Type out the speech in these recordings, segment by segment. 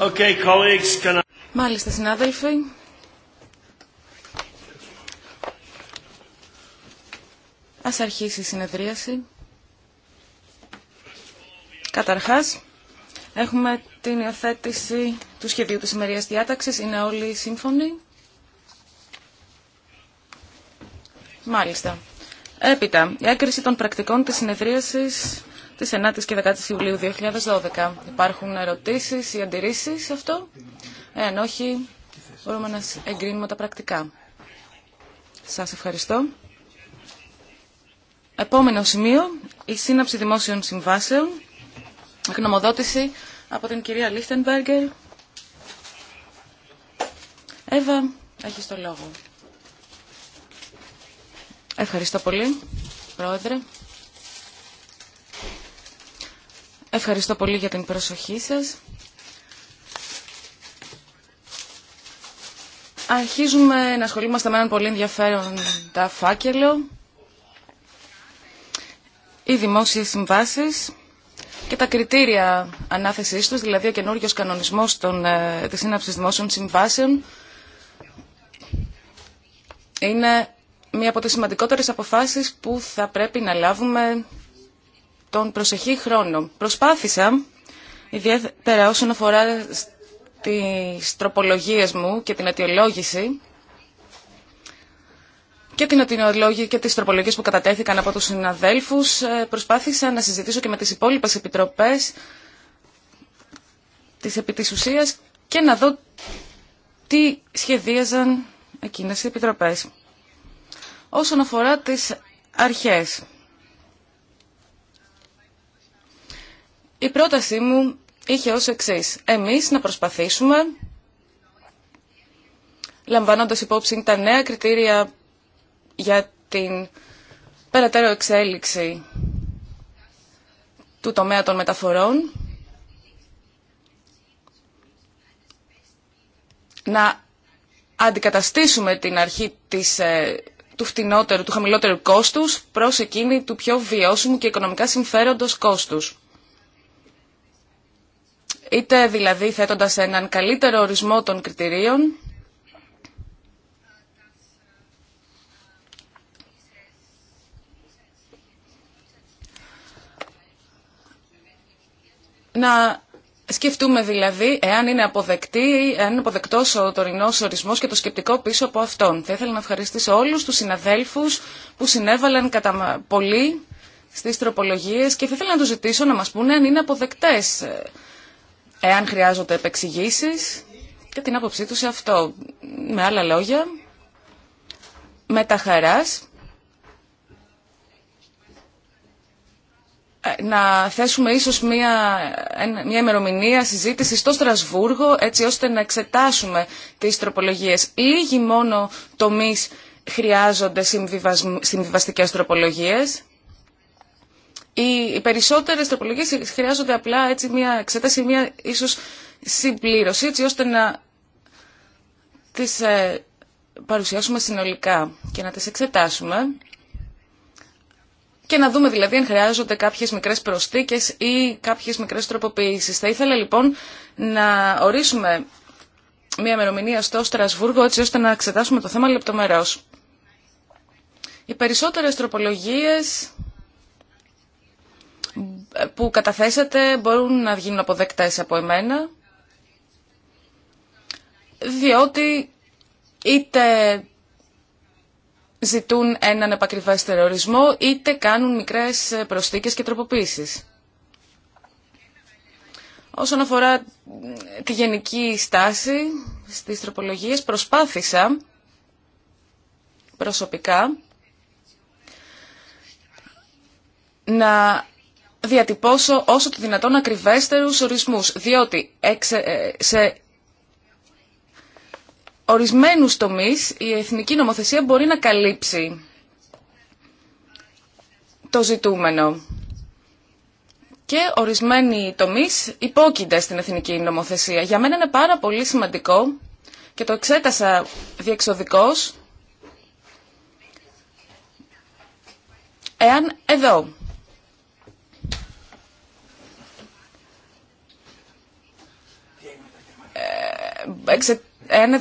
Okay, colleagues, Μάλιστα, συνάδελφοι. Ας αρχίσει η συνεδρίαση. Καταρχάς, έχουμε την υιοθέτηση του σχεδίου της ημερίας διάταξης. Είναι όλοι σύμφωνοι. Μάλιστα. Έπειτα, η έκριση των πρακτικών της συνεδρίασης Τη 9 η και 10 η Ιουλίου 2012. Υπάρχουν ερωτήσεις ή αντιρρήσεις σε αυτό. Εάν όχι, μπορούμε να εγκρίνουμε τα πρακτικά. Σας ευχαριστώ. Επόμενο σημείο, η σύναψη δημόσιων συμβάσεων, γνωμοδότηση από την κυρία Λίχτενμπέργκερ. Εύα, έχει το λόγο. Ευχαριστώ πολύ, Πρόεδρε. Ευχαριστώ πολύ για την προσοχή σας. Αρχίζουμε να ασχολούμαστε με έναν πολύ ενδιαφέρον τα φάκελο, οι δημόσιες συμβάσεις και τα κριτήρια ανάθεσής τους, δηλαδή ο καινούριος κανονισμός των, ε, της σύναψης δημόσιων συμβάσεων, είναι μία από τις σημαντικότερες αποφάσεις που θα πρέπει να λάβουμε τον προσεχή χρόνο. Προσπάθησα, ιδιαίτερα όσον αφορά τις τροπολογίες μου και την αιτιολόγηση, και την και τις τροπολογίες που κατατέθηκαν από τους συναδέλφους. Ε, προσπάθησα να συζητήσω και με τις υπόλοιπες επιτροπές της επί και να δω τι σχεδίαζαν εκείνες οι επιτροπές. Όσον αφορά τις αρχές, Η πρότασή μου είχε ως εξής. Εμείς να προσπαθήσουμε, λαμβάνοντας υπόψη τα νέα κριτήρια για την περαιτέρω εξέλιξη του τομέα των μεταφορών, να αντικαταστήσουμε την αρχή της, ε, του φτηνότερου, του χαμηλότερου κόστους προς εκείνη του πιο βιώσιμου και οικονομικά συμφέροντος κόστους είτε δηλαδή θέτοντας έναν καλύτερο ορισμό των κριτηρίων, να σκεφτούμε δηλαδή εάν είναι, αποδεκτή, εάν είναι αποδεκτός ο τωρινός ορισμός και το σκεπτικό πίσω από αυτόν. Θα ήθελα να ευχαριστήσω όλους τους συναδέλφους που συνέβαλαν κατά πολύ στις τροπολογίες και θα ήθελα να τους ζητήσω να μας πούνε αν είναι αποδεκτές ε, εάν χρειάζονται επεξηγήσεις και την άποψή του σε αυτό. Με άλλα λόγια, με τα χαράς, ε, να θέσουμε ίσως μια, μια ημερομηνία συζήτηση στο Στρασβούργο έτσι ώστε να εξετάσουμε τις τροπολογίες. Λίγοι μόνο τομείς χρειάζονται συμβιβαστικές τροπολογίες. Οι περισσότερε τροπολογίε χρειάζονται απλά έτσι μια εξετάση, μια ίσως συμπλήρωση, έτσι ώστε να τις ε, παρουσιάσουμε συνολικά και να τις εξετάσουμε και να δούμε δηλαδή αν χρειάζονται κάποιες μικρές προστίκες ή κάποιες μικρές τροποποιήσεις. Θα ήθελα λοιπόν να ορίσουμε μια ημερομηνία στο Στρασβούργο έτσι ώστε να εξετάσουμε το θέμα λεπτομερώς. Οι περισσότερες τροπολογίες που καταθέσατε μπορούν να γίνουν αποδεκτές από εμένα, διότι είτε ζητούν έναν επακριβές ορισμό, είτε κάνουν μικρές προσθήκες και τροποποίησεις. Όσον αφορά τη γενική στάση στις τροπολογίες, προσπάθησα προσωπικά να διατυπώσω όσο το δυνατόν ακριβέστερους ορισμούς, διότι ε, σε ορισμένους τομείς η εθνική νομοθεσία μπορεί να καλύψει το ζητούμενο. Και ορισμένοι τομείς υπόκεινται στην εθνική νομοθεσία. Για μένα είναι πάρα πολύ σημαντικό και το εξέτασα διεξοδικώς εάν εδώ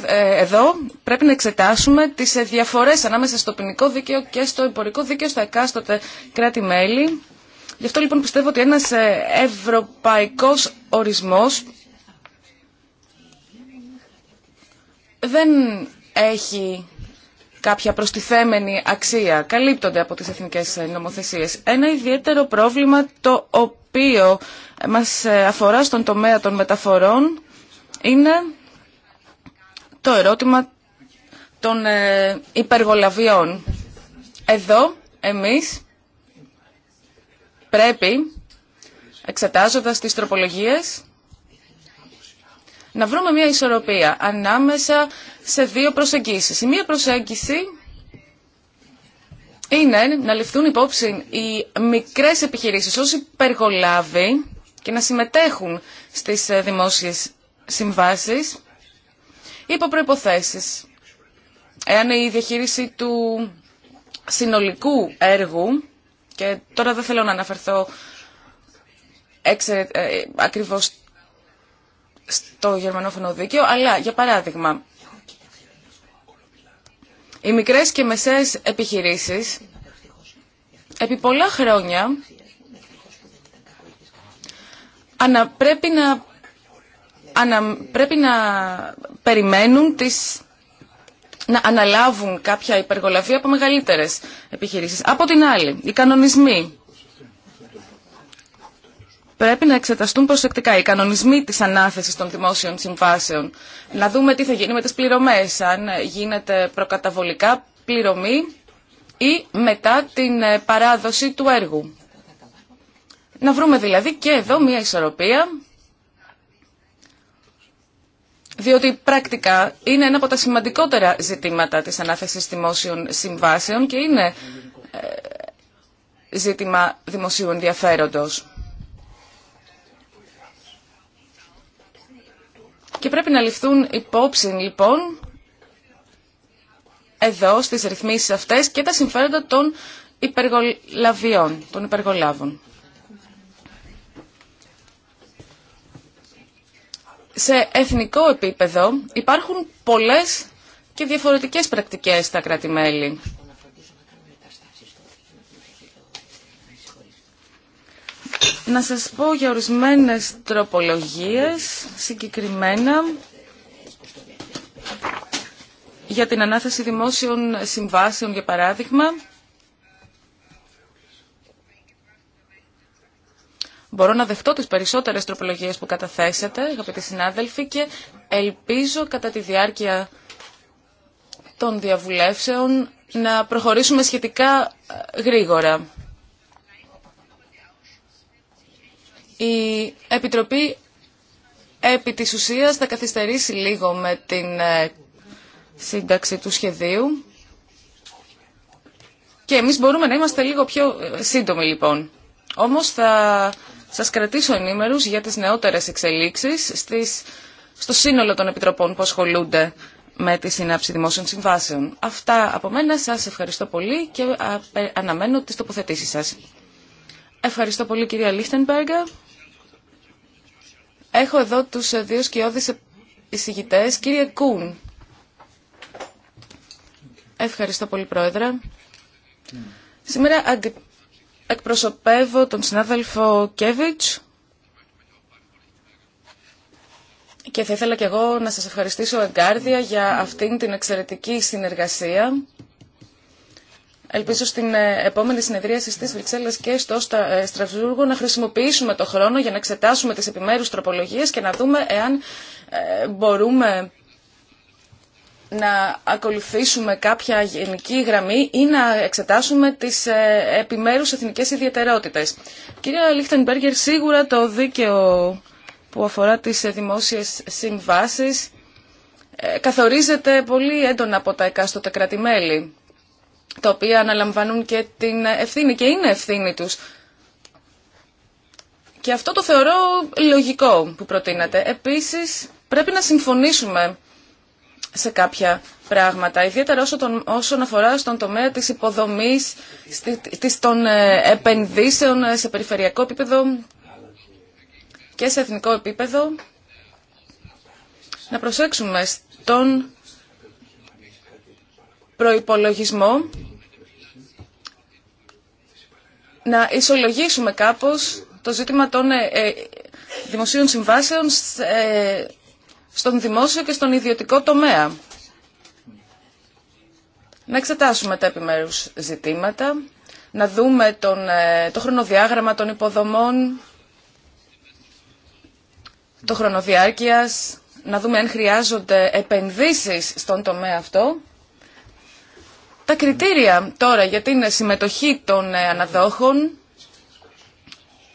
Ε, εδώ πρέπει να εξετάσουμε τις ε, διαφορές ανάμεσα στο ποινικό δίκαιο και στο εμπορικό δίκαιο στα εκάστοτε κράτη-μέλη. Γι' αυτό λοιπόν πιστεύω ότι ένας ε, ευρωπαϊκός ορισμός δεν έχει κάποια προστιθέμενη αξία. Καλύπτονται από τις εθνικές νομοθεσίες. Ένα ιδιαίτερο πρόβλημα το οποίο μας αφορά στον τομέα των μεταφορών είναι το ερώτημα των ε, υπεργολαβιών. Εδώ εμείς πρέπει, εξετάζοντας τις τροπολογίες, να βρούμε μια ισορροπία ανάμεσα σε δύο προσεγγίσεις. Η μία προσέγγιση είναι να ληφθούν υπόψη οι μικρές επιχειρήσεις ως υπεργολάβοι και να συμμετέχουν στις ε, δημόσιες συμβάσεις υπό προποθέσει. Εάν η διαχείριση του συνολικού έργου, και τώρα δεν θέλω να αναφερθώ εξε, ε, ακριβώς στο γερμανόφωνο δίκαιο, αλλά για παράδειγμα, οι μικρές και μεσαίες επιχειρήσεις επί πολλά χρόνια ανα, πρέπει να πρέπει να περιμένουν τις, να αναλάβουν κάποια υπεργολαβία από μεγαλύτερες επιχειρήσεις. Από την άλλη, οι κανονισμοί πρέπει να εξεταστούν προσεκτικά οι κανονισμοί της ανάθεσης των δημόσιων συμβάσεων. Να δούμε τι θα γίνει με τις πληρωμές, αν γίνεται προκαταβολικά πληρωμή ή μετά την ε, παράδοση του έργου. Να βρούμε δηλαδή και εδώ μια ισορροπία διότι πρακτικά είναι ένα από τα σημαντικότερα ζητήματα της ανάθεσης δημόσιων συμβάσεων και είναι ε, ζήτημα δημοσίου ενδιαφέροντος. Και πρέπει να ληφθούν υπόψη λοιπόν εδώ στις ρυθμίσεις αυτές και τα συμφέροντα των υπεργολαβιών, των υπεργολάβων. σε εθνικό επίπεδο υπάρχουν πολλές και διαφορετικές πρακτικές στα κράτη-μέλη. Να σας πω για ορισμένες τροπολογίες συγκεκριμένα για την ανάθεση δημόσιων συμβάσεων, για παράδειγμα. Μπορώ να δεχτώ τις περισσότερες τροπολογίες που καταθέσατε, αγαπητοί συνάδελφοι, και ελπίζω κατά τη διάρκεια των διαβουλεύσεων να προχωρήσουμε σχετικά ε, γρήγορα. Η Επιτροπή επί της ουσίας θα καθυστερήσει λίγο με την ε, σύνταξη του σχεδίου και εμείς μπορούμε να είμαστε λίγο πιο ε, σύντομοι λοιπόν. Όμως θα σας κρατήσω ενήμερους για τις νεότερες εξελίξεις στις, στο σύνολο των επιτροπών που ασχολούνται με τη συνάψη δημόσιων συμβάσεων. Αυτά από μένα. Σας ευχαριστώ πολύ και αναμένω τις τοποθετήσεις σας. Ευχαριστώ πολύ κυρία Λίχτενμπεργα. Έχω εδώ τους ε, δύο σκιώδεις εισηγητές. Κύριε Κούν. Ευχαριστώ πολύ πρόεδρε. Σήμερα εκπροσωπεύω τον συνάδελφο Κέβιτς και θα ήθελα και εγώ να σας ευχαριστήσω εγκάρδια για αυτήν την εξαιρετική συνεργασία. Ελπίζω στην ε, επόμενη συνεδρία στις Βρυξέλλες και στο ε, Στρασβούργο να χρησιμοποιήσουμε το χρόνο για να εξετάσουμε τις επιμέρους τροπολογίες και να δούμε εάν ε, μπορούμε να ακολουθήσουμε κάποια γενική γραμμή ή να εξετάσουμε τις ε, επιμέρους εθνικές ιδιαιτερότητες. Κυρία Λίχτενμπέργκερ, σίγουρα το δίκαιο που αφορά τις ε, δημόσιες συμβάσεις ε, καθορίζεται πολύ έντονα από τα εκάστοτε κρατημέλη, τα οποία αναλαμβάνουν και την ευθύνη και είναι ευθύνη τους. Και αυτό το θεωρώ λογικό που προτείνατε. Επίσης, πρέπει να συμφωνήσουμε σε κάποια πράγματα, ιδιαίτερα όσο τον, όσον αφορά στον τομέα της υποδομής, της, των ε, επενδύσεων ε, σε περιφερειακό επίπεδο και σε εθνικό επίπεδο. Να προσέξουμε στον προϋπολογισμό να ισολογήσουμε κάπως το ζήτημα των ε, δημοσίων συμβάσεων στον δημόσιο και στον ιδιωτικό τομέα. Να εξετάσουμε τα επιμέρους ζητήματα, να δούμε τον, ε, το χρονοδιάγραμμα των υποδομών, το χρονοδιάρκειας, να δούμε αν χρειάζονται επενδύσεις στον τομέα αυτό. Τα κριτήρια τώρα για την συμμετοχή των ε, αναδόχων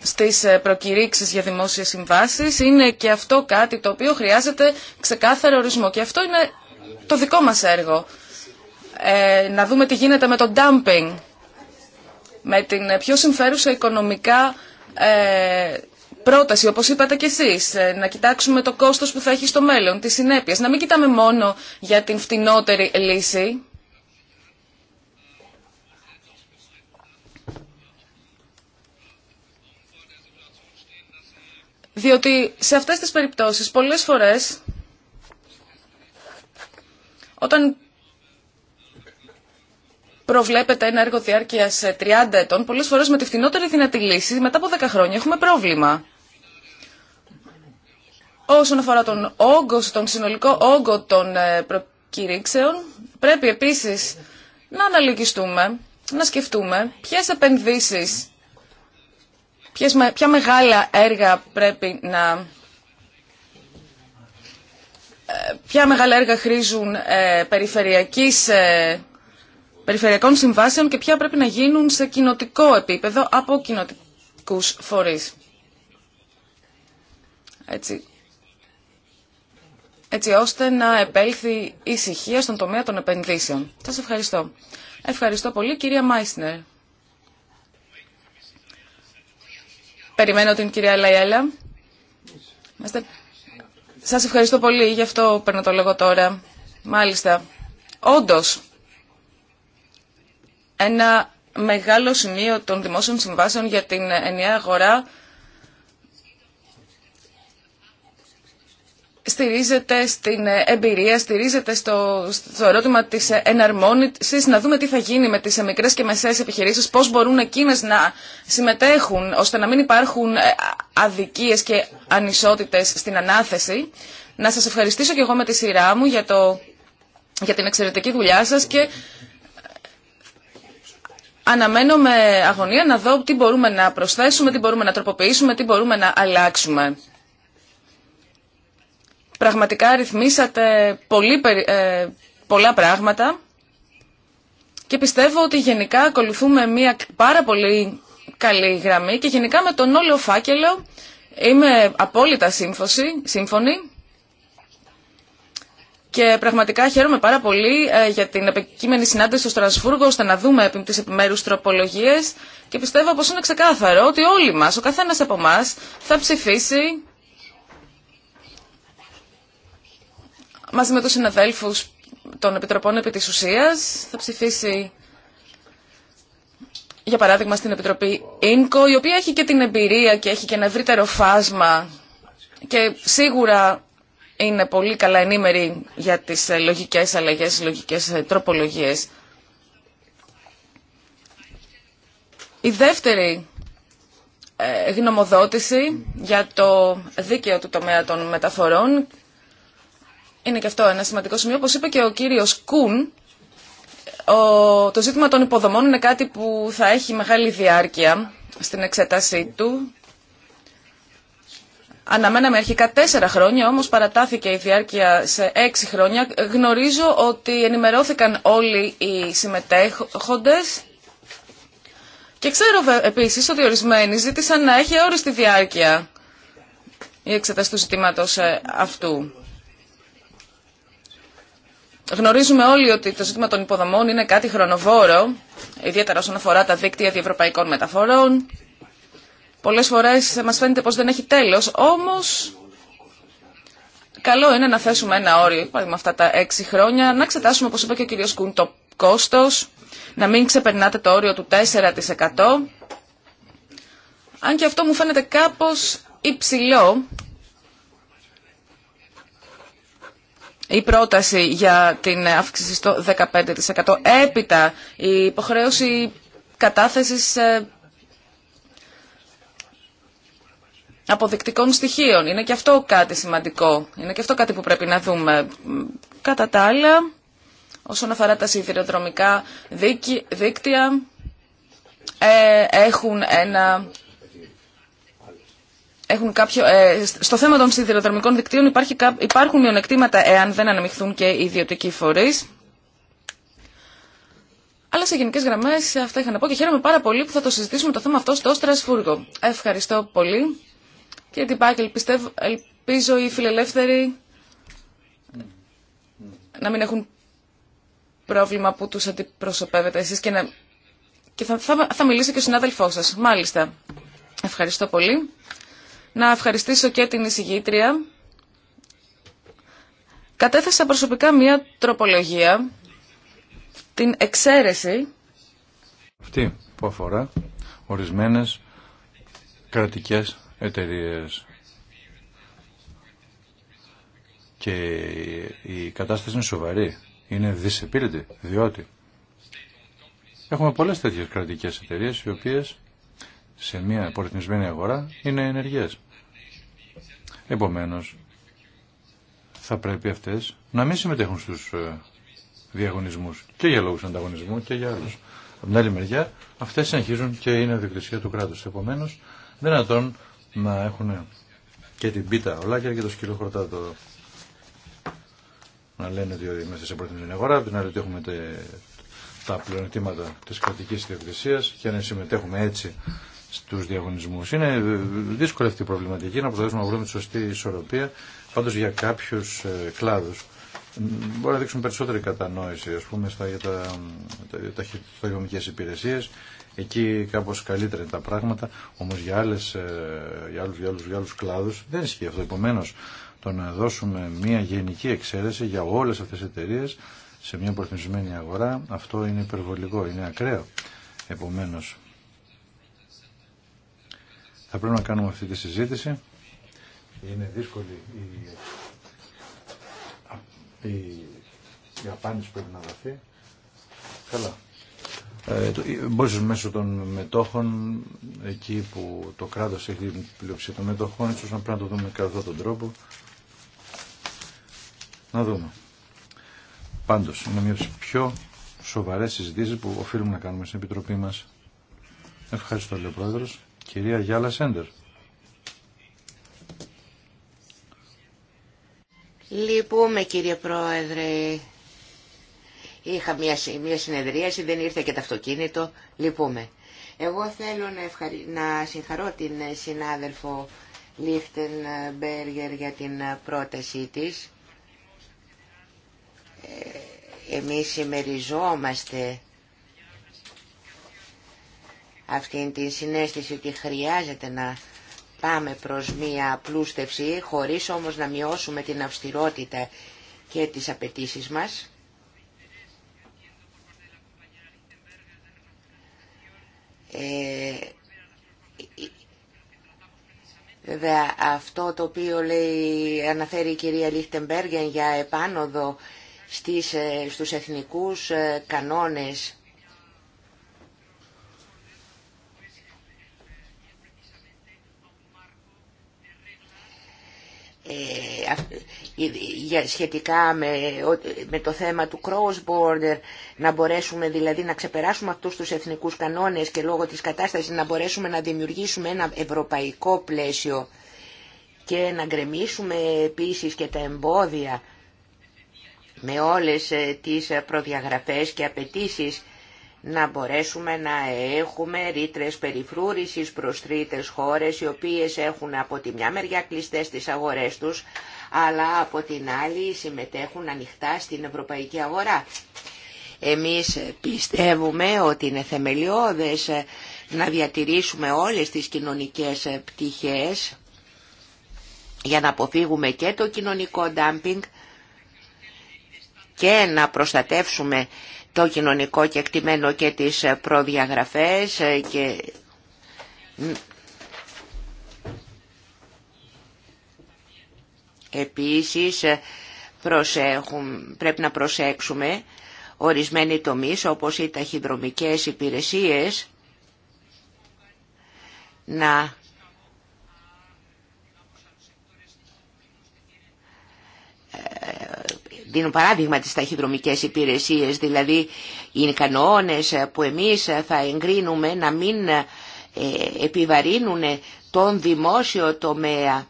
στις ε, προκηρύξεις για δημόσιες συμβάσεις είναι και αυτό κάτι το οποίο χρειάζεται ξεκάθαρο ορισμό και αυτό είναι το δικό μας έργο. Ε, να δούμε τι γίνεται με το dumping, με την ε, πιο συμφέρουσα οικονομικά ε, πρόταση, όπως είπατε κι εσείς, ε, να κοιτάξουμε το κόστος που θα έχει στο μέλλον, τις συνέπειες, να μην κοιτάμε μόνο για την φτηνότερη λύση, Διότι σε αυτές τις περιπτώσεις πολλές φορές όταν προβλέπεται ένα έργο διάρκεια 30 ετών, πολλές φορές με τη φθηνότερη δυνατή λύση, μετά από 10 χρόνια έχουμε πρόβλημα. Όσον αφορά τον όγκο, τον συνολικό όγκο των ε, προκηρύξεων, πρέπει επίσης να αναλογιστούμε, να σκεφτούμε ποιες επενδύσει Ποιες, ποια μεγάλα έργα πρέπει να... Ε, ποια μεγάλα έργα χρήζουν ε, ε, περιφερειακών συμβάσεων και ποια πρέπει να γίνουν σε κοινοτικό επίπεδο από κοινοτικούς φορείς. Έτσι, έτσι ώστε να επέλθει ησυχία στον τομέα των επενδύσεων. Σας ευχαριστώ. Ευχαριστώ πολύ κυρία Μάισνερ. Περιμένω την κυρία Λαϊέλα. Σας ευχαριστώ πολύ, γι' αυτό παίρνω το λόγο τώρα. Μάλιστα. Όντως, ένα μεγάλο σημείο των δημόσιων συμβάσεων για την ενιαία αγορά στηρίζεται στην εμπειρία, στηρίζεται στο, στο ερώτημα της εναρμόνισης, να δούμε τι θα γίνει με τις μικρές και μεσαίες επιχειρήσεις, πώς μπορούν εκείνες να συμμετέχουν, ώστε να μην υπάρχουν ε, αδικίες και ανισότητες στην ανάθεση. Να σας ευχαριστήσω και εγώ με τη σειρά μου για, το, για την εξαιρετική δουλειά σας και ε, αναμένω με αγωνία να δω τι μπορούμε να προσθέσουμε, τι μπορούμε να τροποποιήσουμε, τι μπορούμε να αλλάξουμε. Πραγματικά ρυθμίσατε πολύ, ε, πολλά πράγματα και πιστεύω ότι γενικά ακολουθούμε μια πάρα πολύ καλή γραμμή και γενικά με τον όλο φάκελο είμαι απόλυτα σύμφωση, σύμφωνη και πραγματικά χαίρομαι πάρα πολύ ε, για την επικείμενη συνάντηση στο Στρασβούργο ώστε να δούμε τις επιμέρους τροπολογίες και πιστεύω πως είναι ξεκάθαρο ότι όλοι μας, ο καθένας από εμά θα ψηφίσει μαζί με τους συναδέλφους των Επιτροπών επί της ουσίας. Θα ψηφίσει, για παράδειγμα, στην Επιτροπή ΙΝΚΟ, η οποία έχει και την εμπειρία και έχει και ένα ευρύτερο φάσμα και σίγουρα είναι πολύ καλά ενήμερη για τις λογικές αλλαγές, λογικές τροπολογίες. Η δεύτερη ε, γνωμοδότηση για το δίκαιο του τομέα των μεταφορών είναι και αυτό ένα σημαντικό σημείο. Όπως είπε και ο κύριος Κούν, το ζήτημα των υποδομών είναι κάτι που θα έχει μεγάλη διάρκεια στην εξέτασή του. Αναμέναμε αρχικά τέσσερα χρόνια, όμως παρατάθηκε η διάρκεια σε έξι χρόνια. Γνωρίζω ότι ενημερώθηκαν όλοι οι συμμετέχοντες και ξέρω επίσης ότι ορισμένοι ζήτησαν να έχει όριστη διάρκεια η εξέταση του ζητήματος ε, αυτού. Γνωρίζουμε όλοι ότι το ζήτημα των υποδομών είναι κάτι χρονοβόρο, ιδιαίτερα όσον αφορά τα δίκτυα διευρωπαϊκών μεταφορών. Πολλές φορές μας φαίνεται πως δεν έχει τέλος, όμως καλό είναι να θέσουμε ένα όριο, παράδειγμα αυτά τα έξι χρόνια, να εξετάσουμε, όπως είπε και ο κύριος Κούν, το κόστος, να μην ξεπερνάτε το όριο του 4%. Αν και αυτό μου φαίνεται κάπως υψηλό, η πρόταση για την αύξηση στο 15%. Έπειτα η υποχρέωση κατάθεσης ε, αποδεικτικών στοιχείων. Είναι και αυτό κάτι σημαντικό. Είναι και αυτό κάτι που πρέπει να δούμε. Κατά τα άλλα, όσον αφορά τα σιδηροδρομικά δίκτυα, ε, έχουν ένα έχουν κάποιο, ε, στο θέμα των σιδηροδρομικών δικτύων υπάρχει, υπάρχουν μειονεκτήματα εάν δεν αναμειχθούν και οι ιδιωτικοί φορεί. Αλλά σε γενικέ γραμμέ αυτά είχα να πω και χαίρομαι πάρα πολύ που θα το συζητήσουμε το θέμα αυτό στο Στρασβούργο. Ευχαριστώ πολύ. Κύριε Τιπάκελ, πιστεύω, ελπίζω οι φιλελεύθεροι να μην έχουν πρόβλημα που τους αντιπροσωπεύετε εσείς και, να... θα, θα, θα μιλήσει και ο συνάδελφός σας. Μάλιστα. Ευχαριστώ πολύ να ευχαριστήσω και την εισηγήτρια. Κατέθεσα προσωπικά μία τροπολογία, την εξαίρεση. Αυτή που αφορά ορισμένες κρατικές εταιρείες. Και η κατάσταση είναι σοβαρή, είναι δυσεπίλητη, διότι έχουμε πολλές τέτοιες κρατικές εταιρείες οι οποίες σε μια απορριθμισμένη αγορά είναι ενεργές. Επομένως, θα πρέπει αυτές να μην συμμετέχουν στους ε, διαγωνισμούς και για λόγους ανταγωνισμού και για άλλους. Από την άλλη μεριά, αυτές συνεχίζουν και είναι διοκτησία του κράτους. Επομένως, δυνατόν να έχουν και την πίτα ολάκια και το σκύλο χορτάτο. Να λένε ότι είμαστε σε την αγορά, από την άλλη ότι έχουμε τα πλεονεκτήματα της κρατικής διοκτησίας και να συμμετέχουμε έτσι στους διαγωνισμούς. Είναι δύσκολη αυτή η προβληματική να προσπαθήσουμε να βρούμε τη σωστή ισορροπία πάντως για κάποιους ε, κλάδους. Μπορεί να δείξουν περισσότερη κατανόηση, ας πούμε, στα, για τα, τα, τα υπηρεσίες. Εκεί κάπως καλύτερα είναι τα πράγματα, όμως για, άλλες, ε, για, άλλους, για, κλάδους δεν ισχύει αυτό. επομένω το να δώσουμε μια γενική εξαίρεση για όλες αυτές τις εταιρείε σε μια προθυμισμένη αγορά, αυτό είναι υπερβολικό, είναι ακραίο. Επομένως, θα πρέπει να κάνουμε αυτή τη συζήτηση. Είναι δύσκολη η, η, απάντηση που πρέπει να δοθεί. Καλά. Ε, μέσω των μετόχων, εκεί που το κράτος έχει την πλειοψηφία των μετοχών, ίσω να πρέπει να το δούμε κατά αυτόν τον τρόπο. Να δούμε. Πάντως, είναι μια από πιο σοβαρές συζητήσεις που οφείλουμε να κάνουμε στην Επιτροπή μας. Ευχαριστώ, λέει ο κυρία Γιάλα Σέντερ. Λυπούμε κύριε Πρόεδρε. Είχα μια, μια συνεδρίαση, δεν ήρθε και το αυτοκίνητο. Λυπούμε. Εγώ θέλω να, ευχαρι... συγχαρώ την συνάδελφο Μπέργερ για την πρότασή της. Ε, εμείς συμμεριζόμαστε αυτήν την συνέστηση ότι χρειάζεται να πάμε προς μία απλούστευση χωρίς όμως να μειώσουμε την αυστηρότητα και τις απαιτήσεις μας. Ε, βέβαια αυτό το οποίο λέει, αναφέρει η κυρία Λίχτεμπέργεν για επάνωδο στις, ε, στους εθνικούς ε, κανόνες Ε, ε, σχετικά με το θέμα του cross-border, να μπορέσουμε δηλαδή να ξεπεράσουμε αυτούς τους εθνικούς κανόνες και λόγω της κατάστασης να μπορέσουμε να δημιουργήσουμε ένα ευρωπαϊκό πλαίσιο και να γκρεμίσουμε επίσης και τα εμπόδια με όλες ε, τις προδιαγραφές και απαιτήσεις να μπορέσουμε να έχουμε ρήτρε περιφρούρησης προς τρίτες χώρες οι οποίες έχουν από τη μια μεριά κλειστές τις αγορές τους αλλά από την άλλη συμμετέχουν ανοιχτά στην ευρωπαϊκή αγορά. Εμείς πιστεύουμε ότι είναι θεμελιώδες να διατηρήσουμε όλες τις κοινωνικές πτυχές για να αποφύγουμε και το κοινωνικό ντάμπινγκ και να προστατεύσουμε το κοινωνικό κεκτημένο και τις προδιαγραφές ε, και επίσης ε, πρέπει να προσέξουμε ορισμένοι τομείς όπως οι ταχυδρομικές υπηρεσίες να δίνουν παράδειγμα τις ταχυδρομικές υπηρεσίες, δηλαδή οι κανόνες που εμείς θα εγκρίνουμε να μην ε, επιβαρύνουν τον δημόσιο τομέα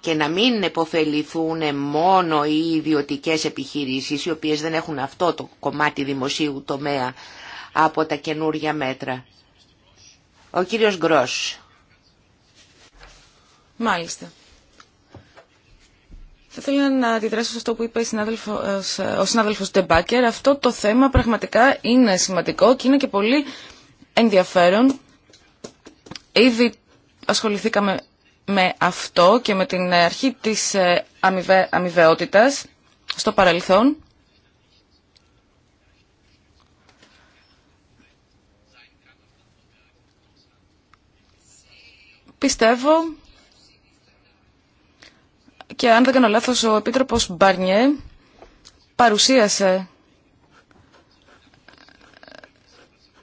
και να μην επωφεληθούν μόνο οι ιδιωτικές επιχειρήσεις οι οποίες δεν έχουν αυτό το κομμάτι δημοσίου τομέα από τα καινούργια μέτρα. Ο κύριος Γκρός. Μάλιστα. Θα ήθελα να αντιδράσω σε αυτό που είπε ε, ο συνάδελφος Ντεμπάκερ. Αυτό το θέμα πραγματικά είναι σημαντικό και είναι και πολύ ενδιαφέρον. Ήδη ασχοληθήκαμε με αυτό και με την αρχή της ε, αμοιβαιότητα στο παρελθόν. Πιστεύω και αν δεν κάνω λάθος ο Επίτροπος Μπαρνιέ παρουσίασε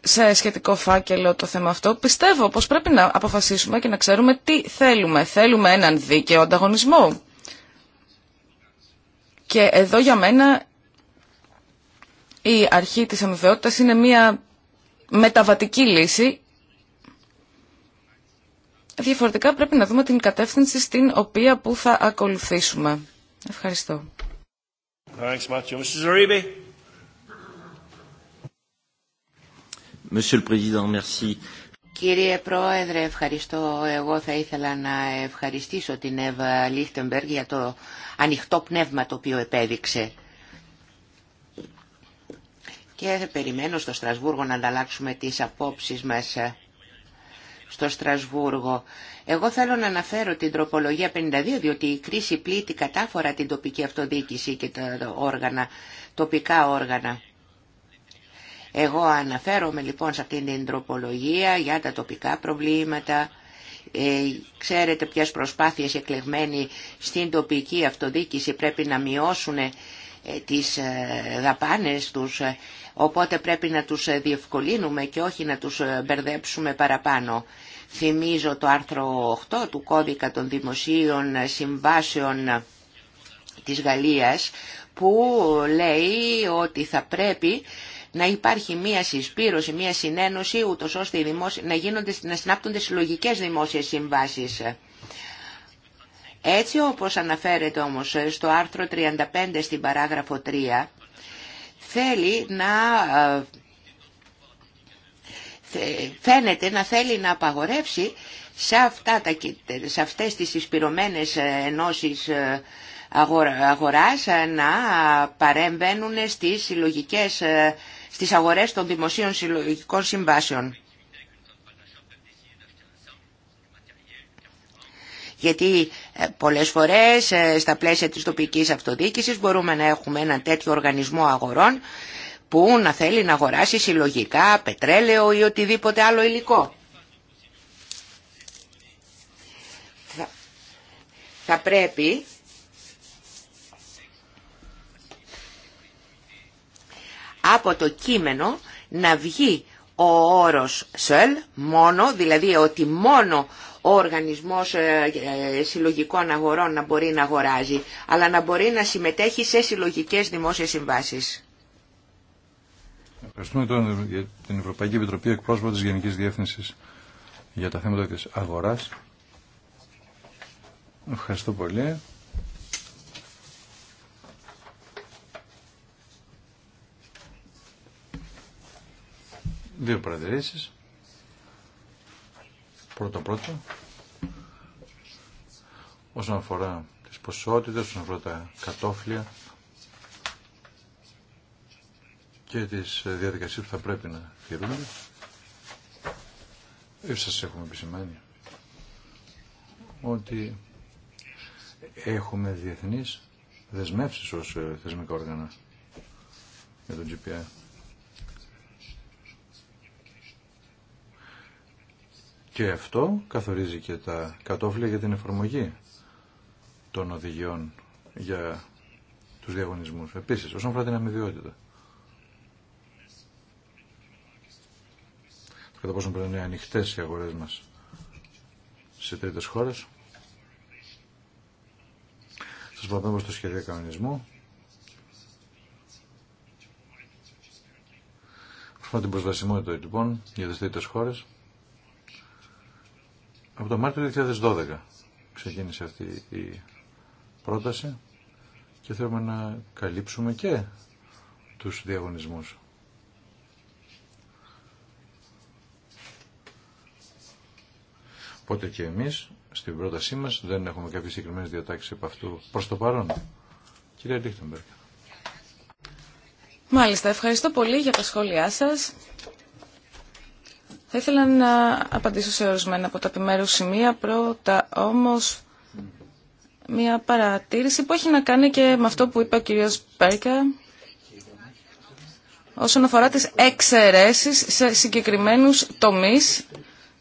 σε σχετικό φάκελο το θέμα αυτό. Πιστεύω πως πρέπει να αποφασίσουμε και να ξέρουμε τι θέλουμε. Θέλουμε έναν δίκαιο ανταγωνισμό. Και εδώ για μένα η αρχή της αμοιβαιότητας είναι μια μεταβατική λύση Διαφορετικά πρέπει να δούμε την κατεύθυνση στην οποία που θα ακολουθήσουμε. Ευχαριστώ. Κύριε Πρόεδρε, ευχαριστώ. Εγώ θα ήθελα να ευχαριστήσω την Εύα Λίχτεμπεργ για το ανοιχτό πνεύμα το οποίο επέδειξε. Και περιμένω στο Στρασβούργο να ανταλλάξουμε τις απόψεις μας στο Στρασβούργο. Εγώ θέλω να αναφέρω την τροπολογία 52, διότι η κρίση πλήττει κατάφορα την τοπική αυτοδιοίκηση και τα όργανα, τοπικά όργανα. Εγώ αναφέρομαι λοιπόν σε αυτήν την τροπολογία για τα τοπικά προβλήματα. Ε, ξέρετε ποιες προσπάθειες εκλεγμένοι στην τοπική αυτοδιοίκηση πρέπει να μειώσουν ε, τις ε, δαπάνες τους Οπότε πρέπει να τους ε, διευκολύνουμε και όχι να τους ε, μπερδέψουμε παραπάνω. Θυμίζω το άρθρο 8 του κώδικα των δημοσίων ε, συμβάσεων της Γαλλίας που λέει ότι θα πρέπει να υπάρχει μία συσπήρωση, μία συνένωση, ούτως ώστε να, γίνονται, να συνάπτονται συλλογικέ δημοσίες συμβάσεις. Έτσι όπως αναφέρεται όμως στο άρθρο 35 στην παράγραφο 3, θέλει να ε, φαίνεται να θέλει να απαγορεύσει σε, αυτά τα, σε αυτές τις εισπυρωμένες ε, ενώσεις ε, αγοράς να παρεμβαίνουν στις, συλλογικές, στις αγορές των δημοσίων συλλογικών συμβάσεων. Γιατί ε, πολλές φορές ε, στα πλαίσια της τοπικής αυτοδιοίκησης μπορούμε να έχουμε έναν τέτοιο οργανισμό αγορών που να θέλει να αγοράσει συλλογικά πετρέλαιο ή οτιδήποτε άλλο υλικό. Θα, πρέπει από το κείμενο να βγει ο όρος «σελ» μόνο, δηλαδή ότι μόνο ο οργανισμός ε, ε, συλλογικών αγορών να μπορεί να αγοράζει, αλλά να μπορεί να συμμετέχει σε συλλογικές δημόσιες συμβάσεις. Ευχαριστούμε τον, για την Ευρωπαϊκή Επιτροπή εκπρόσωπο της Γενικής Διεύθυνσης για τα θέματα της αγοράς. Ευχαριστώ πολύ. Δύο παρατηρήσεις πρώτο πρώτο όσον αφορά τις ποσότητες, όσον αφορά τα κατόφλια και τις διαδικασίες που θα πρέπει να τηρούνται. Σας έχουμε επισημάνει ότι έχουμε διεθνείς δεσμεύσεις ως θεσμικά όργανα για τον GPI. Και αυτό καθορίζει και τα κατόφλια για την εφαρμογή των οδηγιών για τους διαγωνισμούς. Επίσης, όσον αφορά την αμοιβιότητα. Κατά πόσο πρέπει να είναι ανοιχτές οι αγορές μας σε τρίτες χώρες. Σας παραπέμπω στο σχέδιο κανονισμού. Προσπαθούμε την προσβασιμότητα λοιπόν για τις τρίτες χώρες. Από το Μάρτιο 2012 ξεκίνησε αυτή η πρόταση και θέλουμε να καλύψουμε και τους διαγωνισμούς. Οπότε και εμείς στην πρότασή μας δεν έχουμε κάποιες συγκεκριμένε διατάξεις από αυτού προς το παρόν. Κυρία Λίχτεμπερκ. Μάλιστα, ευχαριστώ πολύ για τα σχόλιά σας. Θα ήθελα να απαντήσω σε ορισμένα από τα επιμέρους σημεία. Πρώτα όμως μια παρατήρηση που έχει να κάνει και με αυτό που είπε ο κύριος Πέρκα όσον αφορά τις εξαιρέσεις σε συγκεκριμένους τομείς,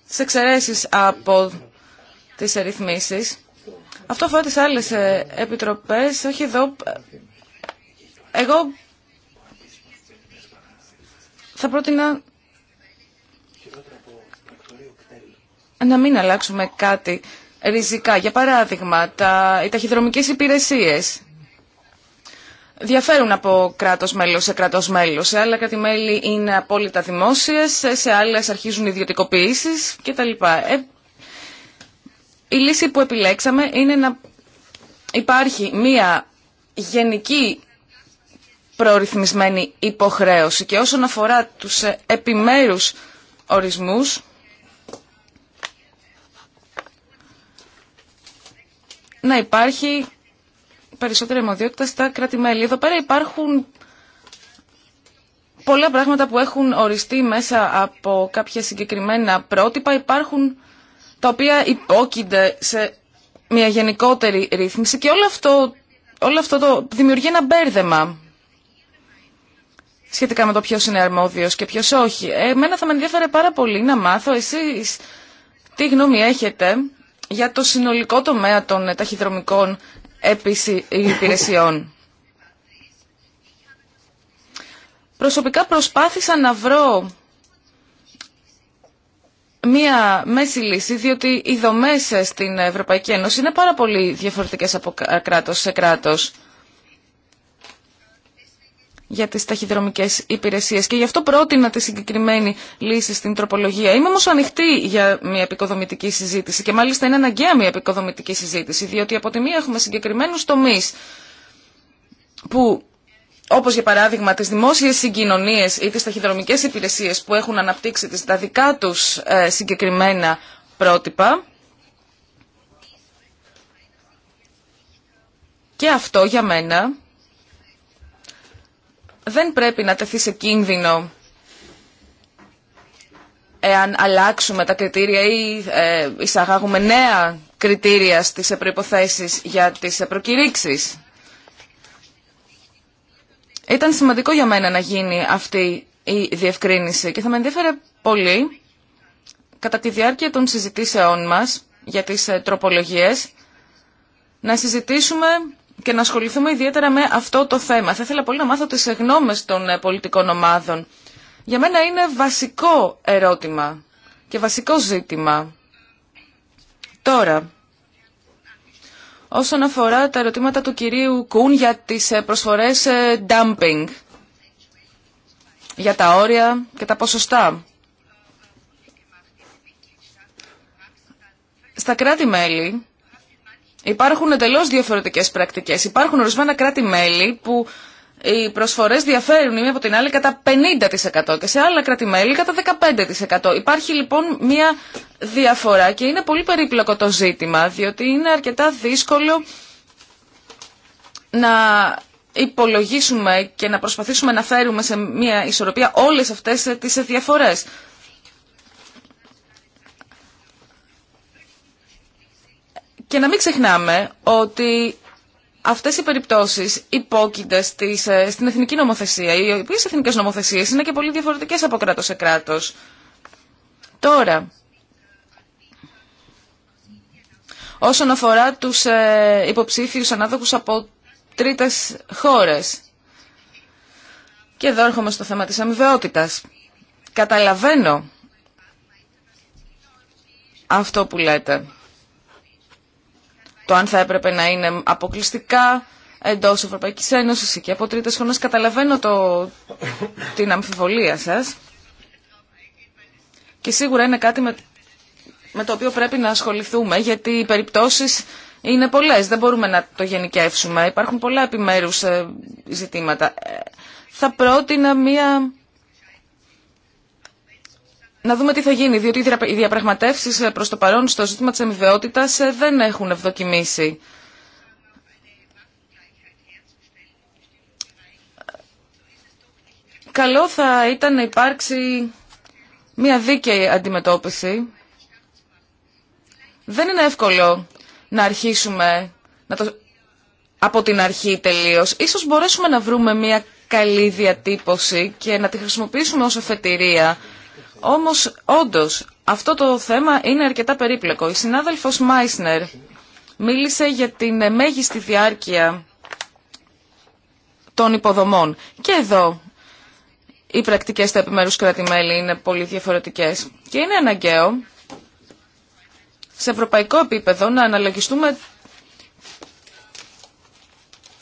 τις εξαιρέσεις από τις ρυθμίσεις. Αυτό αφορά τις άλλες ε, επιτροπές, όχι Εγώ θα πρότεινα να μην αλλάξουμε κάτι ριζικά. Για παράδειγμα, τα, οι ταχυδρομικές υπηρεσίες διαφέρουν από κράτος μέλος σε κράτος μέλος. Σε άλλα κρατη μέλη είναι απόλυτα δημόσιες, σε άλλες αρχίζουν ιδιωτικοποιήσεις κτλ. Ε, η λύση που επιλέξαμε είναι να υπάρχει μία γενική προοριθμισμένη υποχρέωση και όσον αφορά τους επιμέρους ορισμούς να υπάρχει περισσότερη αιμοδιότητα στα κράτη-μέλη. Εδώ πέρα υπάρχουν πολλά πράγματα που έχουν οριστεί μέσα από κάποια συγκεκριμένα πρότυπα. Υπάρχουν τα οποία υπόκεινται σε μια γενικότερη ρύθμιση και όλο αυτό, όλο αυτό το δημιουργεί ένα μπέρδεμα σχετικά με το ποιος είναι αρμόδιος και ποιος όχι. Εμένα θα με ενδιαφέρε πάρα πολύ να μάθω εσείς τι γνώμη έχετε για το συνολικό τομέα των ε, ταχυδρομικών ε, υπηρεσιών. Προσωπικά προσπάθησα να βρω μία μέση λύση, διότι οι δομές ε, στην Ευρωπαϊκή Ένωση είναι πάρα πολύ διαφορετικές από κράτος σε κράτος για τις ταχυδρομικές υπηρεσίες και γι' αυτό πρότεινα τη συγκεκριμένη λύση στην τροπολογία. Είμαι όμω ανοιχτή για μια επικοδομητική συζήτηση και μάλιστα είναι αναγκαία μια επικοδομητική συζήτηση διότι από τη μία έχουμε συγκεκριμένους τομείς που όπως για παράδειγμα τι δημόσιε συγκοινωνίε ή τι ταχυδρομικέ υπηρεσίε που έχουν αναπτύξει τις, τα δικά τους ε, συγκεκριμένα πρότυπα και αυτό για μένα δεν πρέπει να τεθεί σε κίνδυνο εάν αλλάξουμε τα κριτήρια ή ε, εισαγάγουμε νέα κριτήρια στις προϋποθέσεις για τις προκηρύξεις. Ήταν σημαντικό για μένα να γίνει αυτή η διευκρίνηση και θα με ενδιαφέρε πολύ κατά τη διάρκεια των συζητήσεών μας για τις ε, τροπολογίες να συζητήσουμε και να ασχοληθούμε ιδιαίτερα με αυτό το θέμα. Θα ήθελα πολύ να μάθω τις γνώμες των ε, πολιτικών ομάδων. Για μένα είναι βασικό ερώτημα και βασικό ζήτημα. Τώρα, όσον αφορά τα ερωτήματα του κυρίου Κούν για τις ε, προσφορές ε, dumping, για τα όρια και τα ποσοστά. Στα κράτη-μέλη Υπάρχουν εντελώ διαφορετικές πρακτικές. Υπάρχουν ορισμένα κράτη-μέλη που οι προσφορές διαφέρουν η μία από την άλλη κατά 50% και σε άλλα κράτη-μέλη κατά 15%. Υπάρχει λοιπόν μία διαφορά και είναι πολύ περίπλοκο το ζήτημα, διότι είναι αρκετά δύσκολο να υπολογίσουμε και να προσπαθήσουμε να φέρουμε σε μία ισορροπία όλε αυτέ τι διαφορέ. Και να μην ξεχνάμε ότι αυτέ οι περιπτώσει υπόκεινται στις, ε, στην εθνική νομοθεσία. Οι οποίε εθνικέ νομοθεσίε είναι και πολύ διαφορετικέ από κράτο σε κράτο. Τώρα, όσον αφορά τους ε, υποψήφιου ανάδοχου από τρίτε χώρε. Και εδώ έρχομαι στο θέμα της αμοιβαιότητας. Καταλαβαίνω αυτό που λέτε το αν θα έπρεπε να είναι αποκλειστικά εντός Ευρωπαϊκής Ένωσης και από τρίτε χώρε. Καταλαβαίνω το, την αμφιβολία σας και σίγουρα είναι κάτι με, με το οποίο πρέπει να ασχοληθούμε γιατί οι περιπτώσεις είναι πολλέ. δεν μπορούμε να το γενικεύσουμε. Υπάρχουν πολλά επιμέρους ε, ζητήματα. Ε, θα πρότεινα μία να δούμε τι θα γίνει, διότι οι διαπραγματεύσεις ε, προς το παρόν στο ζήτημα της αμοιβαιότητας ε, δεν έχουν ευδοκιμήσει. Καλό θα ήταν να υπάρξει μια δίκαιη αντιμετώπιση. Δεν είναι εύκολο να αρχίσουμε να το... από την αρχή τελείως. Ίσως μπορέσουμε να βρούμε μια καλή διατύπωση και να τη χρησιμοποιήσουμε ως εφετηρία όμως, όντως, αυτό το θέμα είναι αρκετά περίπλοκο. Η συνάδελφος Μάισνερ μίλησε για την μέγιστη διάρκεια των υποδομών. Και εδώ οι πρακτικές στα επιμέρους κράτη-μέλη είναι πολύ διαφορετικές. Και είναι αναγκαίο σε ευρωπαϊκό επίπεδο να αναλογιστούμε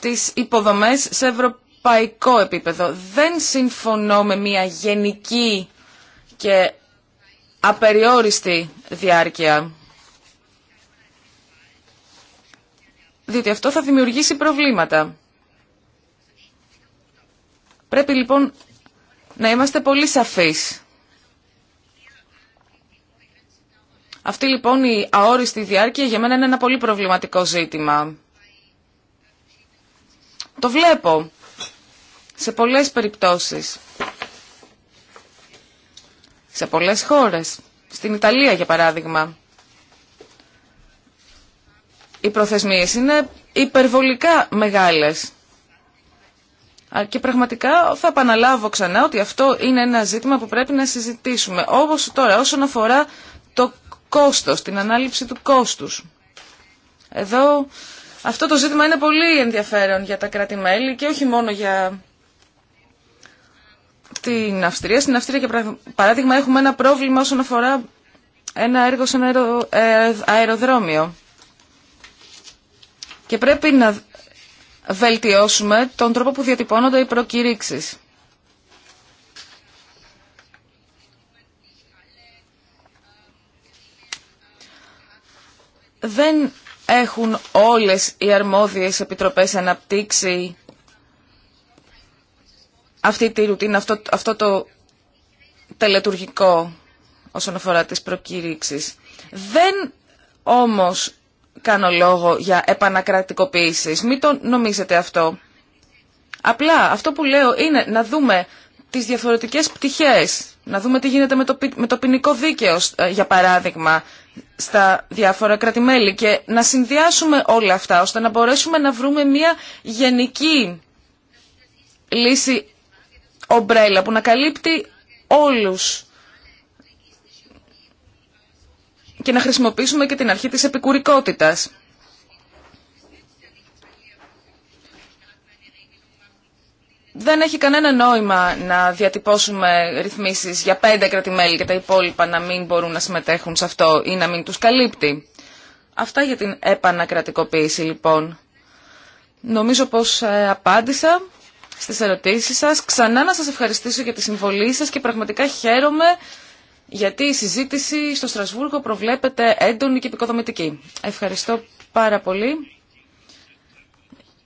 τις υποδομές σε ευρωπαϊκό επίπεδο. Δεν συμφωνώ με μια γενική και απεριόριστη διάρκεια. Διότι αυτό θα δημιουργήσει προβλήματα. Πρέπει λοιπόν να είμαστε πολύ σαφείς. Αυτή λοιπόν η αόριστη διάρκεια για μένα είναι ένα πολύ προβληματικό ζήτημα. Το βλέπω σε πολλές περιπτώσεις σε πολλές χώρες. Στην Ιταλία, για παράδειγμα, οι προθεσμίες είναι υπερβολικά μεγάλες. Και πραγματικά θα επαναλάβω ξανά ότι αυτό είναι ένα ζήτημα που πρέπει να συζητήσουμε. Όπως τώρα, όσον αφορά το κόστος, την ανάληψη του κόστους. Εδώ αυτό το ζήτημα είναι πολύ ενδιαφέρον για τα κράτη-μέλη και όχι μόνο για την Αυστρία. Στην Αυστρία, για παράδειγμα, έχουμε ένα πρόβλημα όσον αφορά ένα έργο σε ένα ε, αεροδρόμιο. Και πρέπει να βελτιώσουμε τον τρόπο που διατυπώνονται οι προκήρυξεις. Δεν έχουν όλες οι αρμόδιες επιτροπές αναπτύξει αυτή τη ρουτίνα, αυτό, αυτό το τελετουργικό όσον αφορά τις προκήρυξεις. Δεν όμως κάνω λόγο για επανακρατικοποίηση. Μην το νομίζετε αυτό. Απλά αυτό που λέω είναι να δούμε τις διαφορετικές πτυχές. Να δούμε τι γίνεται με το, με το ποινικό δίκαιο, ε, για παράδειγμα, στα διάφορα κρατημέλη και να συνδυάσουμε όλα αυτά ώστε να μπορέσουμε να βρούμε μια γενική λύση ομπρέλα που να καλύπτει όλους και να χρησιμοποιήσουμε και την αρχή της επικουρικότητας. Δεν έχει κανένα νόημα να διατυπώσουμε ρυθμίσεις για πέντε κρατημέλη και τα υπόλοιπα να μην μπορούν να συμμετέχουν σε αυτό ή να μην τους καλύπτει. Αυτά για την επανακρατικοποίηση λοιπόν. Νομίζω πως ε, απάντησα στις ερωτήσεις σας. Ξανά να σας ευχαριστήσω για τη συμβολή σας και πραγματικά χαίρομαι γιατί η συζήτηση στο Στρασβούργο προβλέπεται έντονη και επικοδομητική. Ευχαριστώ πάρα πολύ.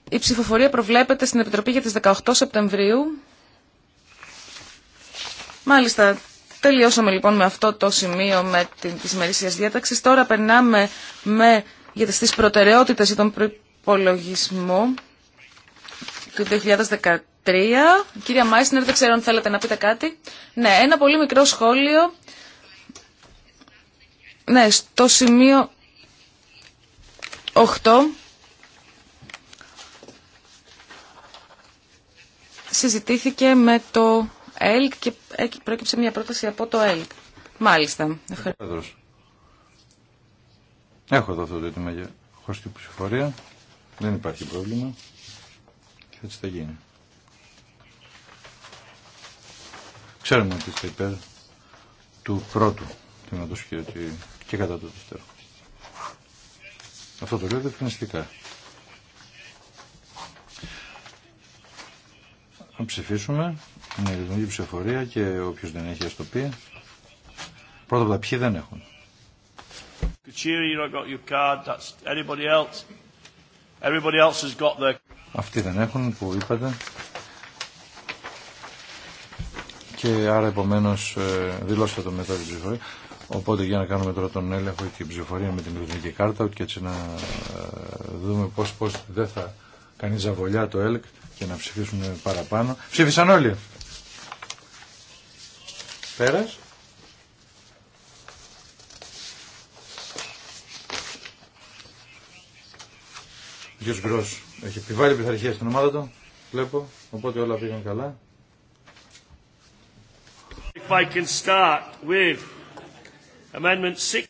Η ψηφοφορία προβλέπεται στην Επιτροπή για τις 18 Σεπτεμβρίου. Μάλιστα, τελειώσαμε λοιπόν με αυτό το σημείο με την, της διάταξης. Τώρα περνάμε με, για τις προτεραιότητες για τον προϋπολογισμό του 2013. Κυρία Μάισνερ, δεν ξέρω αν θέλετε να πείτε κάτι. Ναι, ένα πολύ μικρό σχόλιο. Ναι, στο σημείο 8... συζητήθηκε με το ΕΛΚ και πρόκειψε μια πρόταση από το ΕΛΚ. Μάλιστα. Ευχαριστώ. Έχω εδώ αυτό το έτοιμο για χωστή ψηφορία. Δεν υπάρχει πρόβλημα. Έτσι θα γίνει. Ξέρουμε ότι είστε υπέρ του πρώτου τμήματος και, και κατά το δεύτερο. Αυτό το λέω διευκρινιστικά. Να ψηφίσουμε με ελληνική ψηφοφορία και όποιος δεν έχει ας το πει. Πρώτα απ' τα ποιοι δεν έχουν. Everybody else has got their αυτοί δεν έχουν που είπατε. Και άρα επομένω ε, δηλώσατε το μετά την ψηφορία. Οπότε για να κάνουμε τώρα τον έλεγχο και την ψηφορία με την ελληνική κάρτα και έτσι να ε, δούμε πώς, πώς δεν θα κάνει ζαβολιά το ΕΛΚ και να ψηφίσουν παραπάνω. Ψήφισαν όλοι. Πέρας. Γιος Γκρός. Έχει επιβάλει πειθαρχία στην ομάδα του, βλέπω, οπότε όλα πήγαν καλά.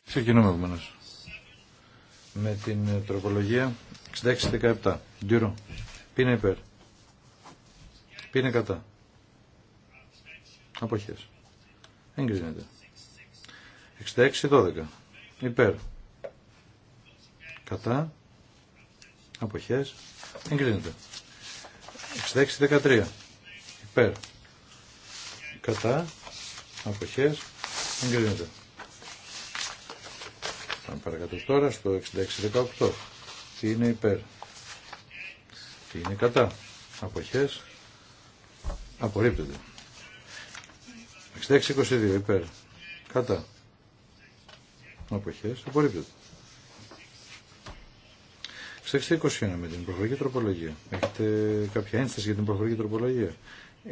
Ξεκινούμε επομένω. με την ε, τροπολογία 66-17. Ντύρο. Πίνε υπέρ. Πίνε κατά. Αποχές. Εγκρίνεται. 66-12. Υπέρ. Κατά. Αποχές. Εγκρίνεται. 66-13. Υπέρ. Κατά. Αποχές. Εγκρίνεται. Πάμε παρακάτω τώρα στο 66-18. Τι είναι υπέρ. Τι είναι κατά. Αποχές. Απορρίπτεται. 66-22 υπέρ. Κατά. Αποχές. Απορρίπτεται το 21 με την προφορική τροπολογία. Έχετε κάποια ένσταση για την προφορική τροπολογία.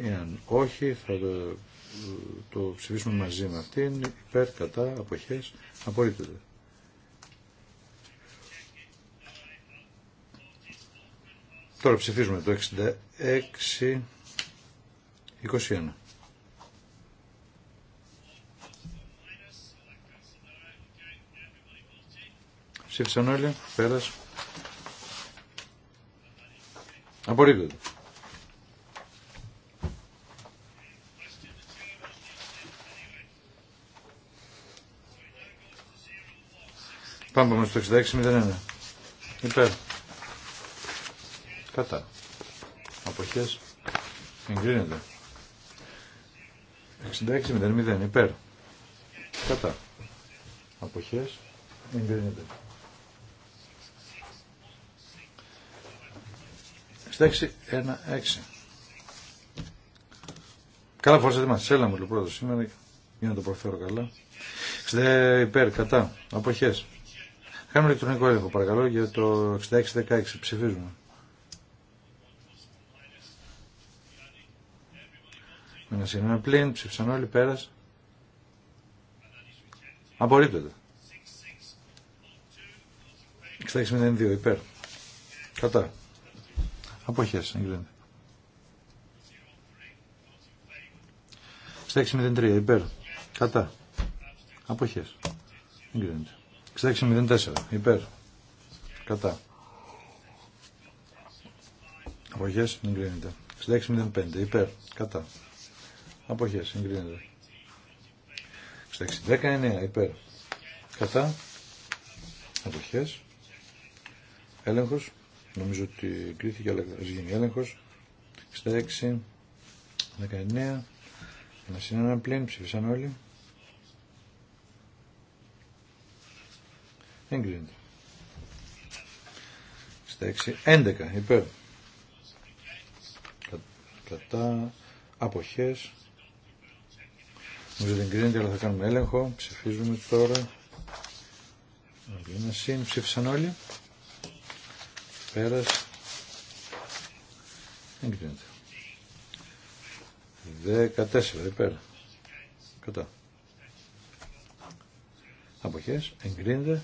Εάν όχι, θα το, ψηφίσουμε μαζί με αυτήν. Υπέρ, κατά, αποχές, απορρίπτεται. Τώρα ψηφίζουμε το 66, 21. Ψήφισαν όλοι, πέρασε. Απορρίπτεται. Πάμε όμως στο 6601. Υπέρ. Κατά. Αποχές. Εγκρίνεται. 66.00. Υπέρ. Κατά. Αποχές. Εγκρίνεται. 66-1-6. Καλά φορέσατε μας. Έλα μου λοιπόν σήμερα για να το προφέρω καλά. Ξέρετε υπέρ, κατά, αποχές. Κάνουμε ηλεκτρονικό έλεγχο παρακαλώ για το 66-16. Ψηφίζουμε. ένα σύνομα πλήν, ψήφισαν όλοι, πέρας. Απορρίπτεται. 66-02 υπέρ. Κατά. Αποχές, εγκρίνεται. Στα 6.03, υπέρ. Κατά. Αποχές. Εγκρίνεται. Στα 6.04, υπέρ. Κατά. Αποχές, εγκρίνεται. 66-05, υπέρ. Κατά. Αποχές, εγκρίνεται. 66.19, υπέρ. Κατά. Αποχές. Έλεγχος. Νομίζω ότι κρίθηκε, αλλά θα γίνει έλεγχο. 66, 19, ένα είναι ένα πλήν, ψήφισαν όλοι. Εγκρίνεται. 66, 11, υπέρ. Κατά, αποχές. Νομίζω ότι εγκρίνεται, αλλά θα κάνουμε έλεγχο. Ψηφίζουμε τώρα. Ένα συν, ψήφισαν όλοι. Πέρας. Εγκρίνεται. 14 υπέρ. Κατά. Αποχές. Εγκρίνεται.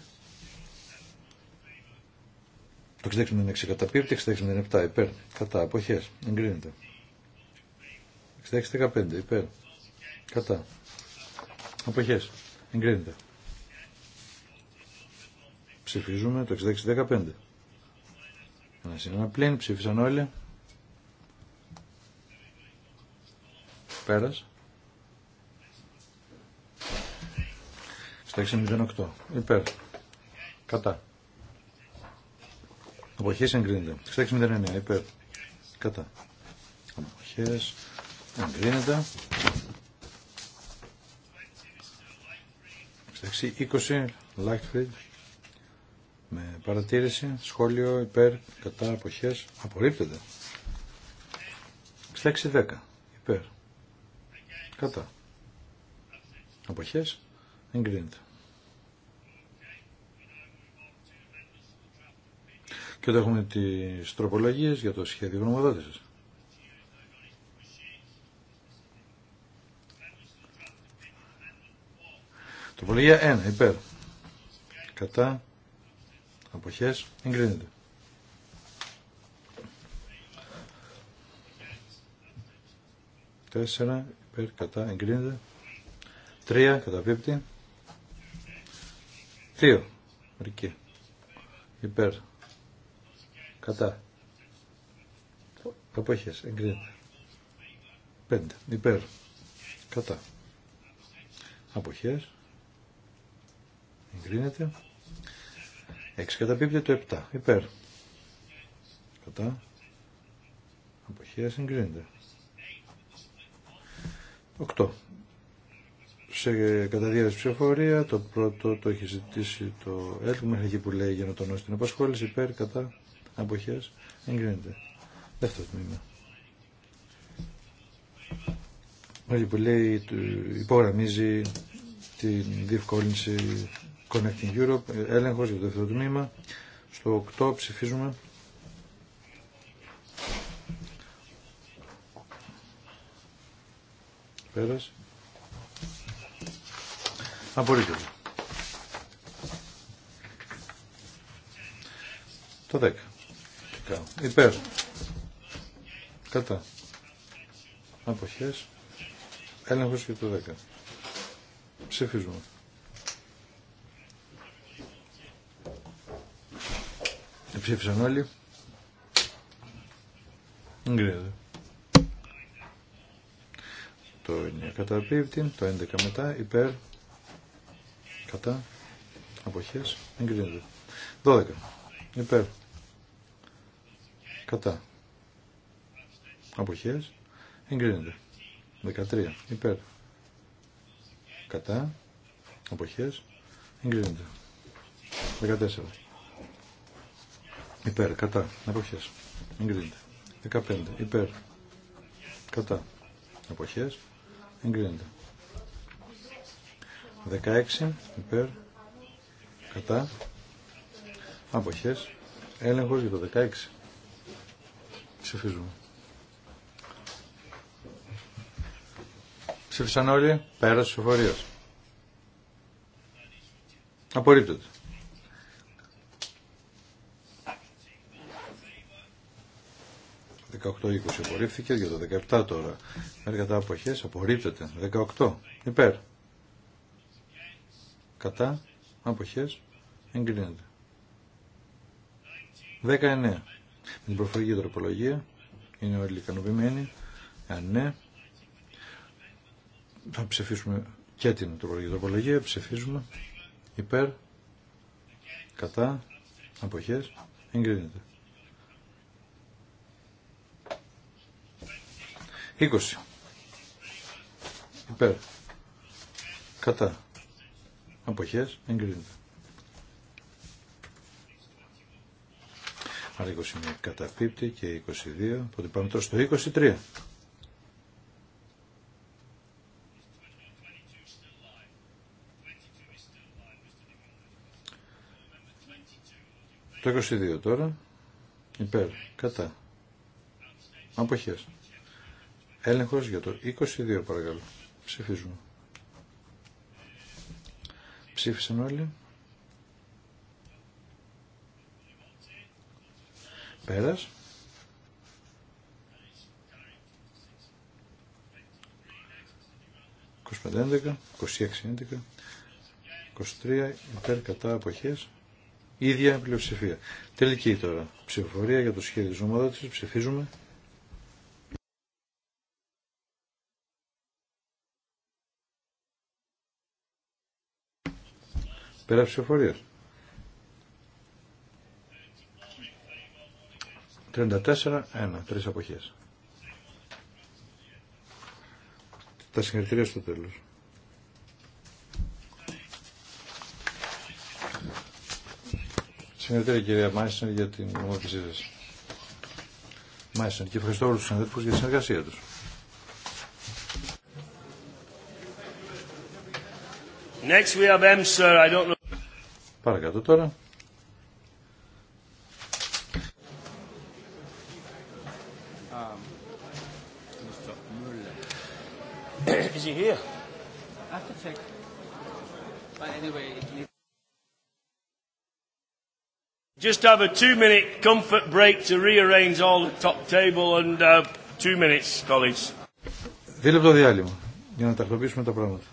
Το 66 καταπίπτει, 66 υπέρ. Κατά. Αποχές. Εγκρίνεται. 66-15 υπέρ. Κατά. Αποχέ. Εγκρίνεται. Ψηφίζουμε το 66-15. Ένα σύνολο πλήν, ψήφισαν όλοι. Πέρας. Στα 608. Υπέρ. Κατά. Αποχέ εγκρίνεται. 609. Υπέρ. Κατά. Αποχέ εγκρίνεται. light fridge παρατήρηση, σχόλιο, υπέρ, κατά, αποχές, Λέξη 66-10, υπέρ, κατά, αποχές, εγκρίνεται. Και εδώ έχουμε τις τροπολογίες για το σχέδιο γνωμοδότησης. Τροπολογία 1, υπέρ, κατά, αποχές εγκρίνεται. Τέσσερα υπέρ κατά εγκρίνεται. Τρία καταπίπτει. Δύο μερικοί υπέρ κατά αποχές εγκρίνεται. Πέντε υπέρ κατά αποχές εγκρίνεται. 6 πίπτια το 7 υπέρ κατά Αποχέα εγκρίνεται 8 σε κατά ψηφοφορία το πρώτο το έχει ζητήσει το ΕΛΚ μέχρι εκεί που λέει για να τονώσει την απασχόληση υπέρ κατά αποχές εγκρίνεται δεύτερο τμήμα Μέχρι που λέει υπογραμμίζει την διευκόλυνση Connecting Europe, έλεγχος για το δεύτερο τμήμα. Στο 8 ψηφίζουμε. Πέρας. Απορρίτευε. Το 10. Υπέρ. Κατά. Αποχές. Έλεγχος για το 10. Ψηφίζουμε. Ψήφισαν όλοι. Εγκρίνεται. Το 9 κατά πίπτη, το 11 μετά, υπέρ, κατά, αποχές, εγκρίνεται. 12 υπέρ, κατά, αποχές, εγκρίνεται. 13 υπέρ, κατά, αποχές, εγκρίνεται. 14 Υπέρ, κατά, αποχές. Εγκρίνεται. 15. Υπέρ, κατά, αποχές. Εγκρίνεται. 16. Υπέρ, κατά, αποχές. Έλεγχος για το 16. Ψηφίζουμε. Ψήφισαν όλοι, πέρασε ο φορείος. Απορρίπτεται. 18-20 απορρίφθηκε, για το 17 τώρα. μέρικα τα αποχές απορρίπτεται. 18 υπέρ. Κατά αποχές εγκρίνεται. 19. Με την προφορική τροπολογία είναι όλοι ικανοποιημένοι. Αν ναι, θα ψηφίσουμε και την τροπολογική τροπολογία. Ψηφίζουμε υπέρ, κατά, αποχές, εγκρίνεται. 20. Υπέρ. Κατά. Αποχές. Εγκρίνεται. Άρα 21 καταπίπτει και 22. Ποτέ πάμε τώρα στο 23. Το 22 τώρα. Υπέρ. Κατά. Αποχές. Έλεγχος για το 22 παρακαλώ. Ψηφίζουμε. Ψήφισαν όλοι. Πέρας. ...25-11, 26-11, 23 υπέρ κατά αποχές, ίδια πλειοψηφία. Τελική τώρα, ψηφοφορία για το σχέδιο ζώματος, ψηφίζουμε. Πέρα ψηφοφορία. 34-1. Τρεις αποχές. Τα συγχαρητήρια στο τέλος. Συγχαρητήρια κυρία Μάισνερ για την ομοθεσή σα. Μάισνερ και ευχαριστώ όλους τους συναδέλφους για τη συνεργασία τους. Next we have M, sir. I don't know. Παρακάτω τώρα. Is he here? I have to check. But anyway, Just have a two-minute comfort break to rearrange all the top table and uh, two minutes, colleagues. Δύο λεπτό διάλειμμα για να τακτοποιήσουμε τα πράγματα.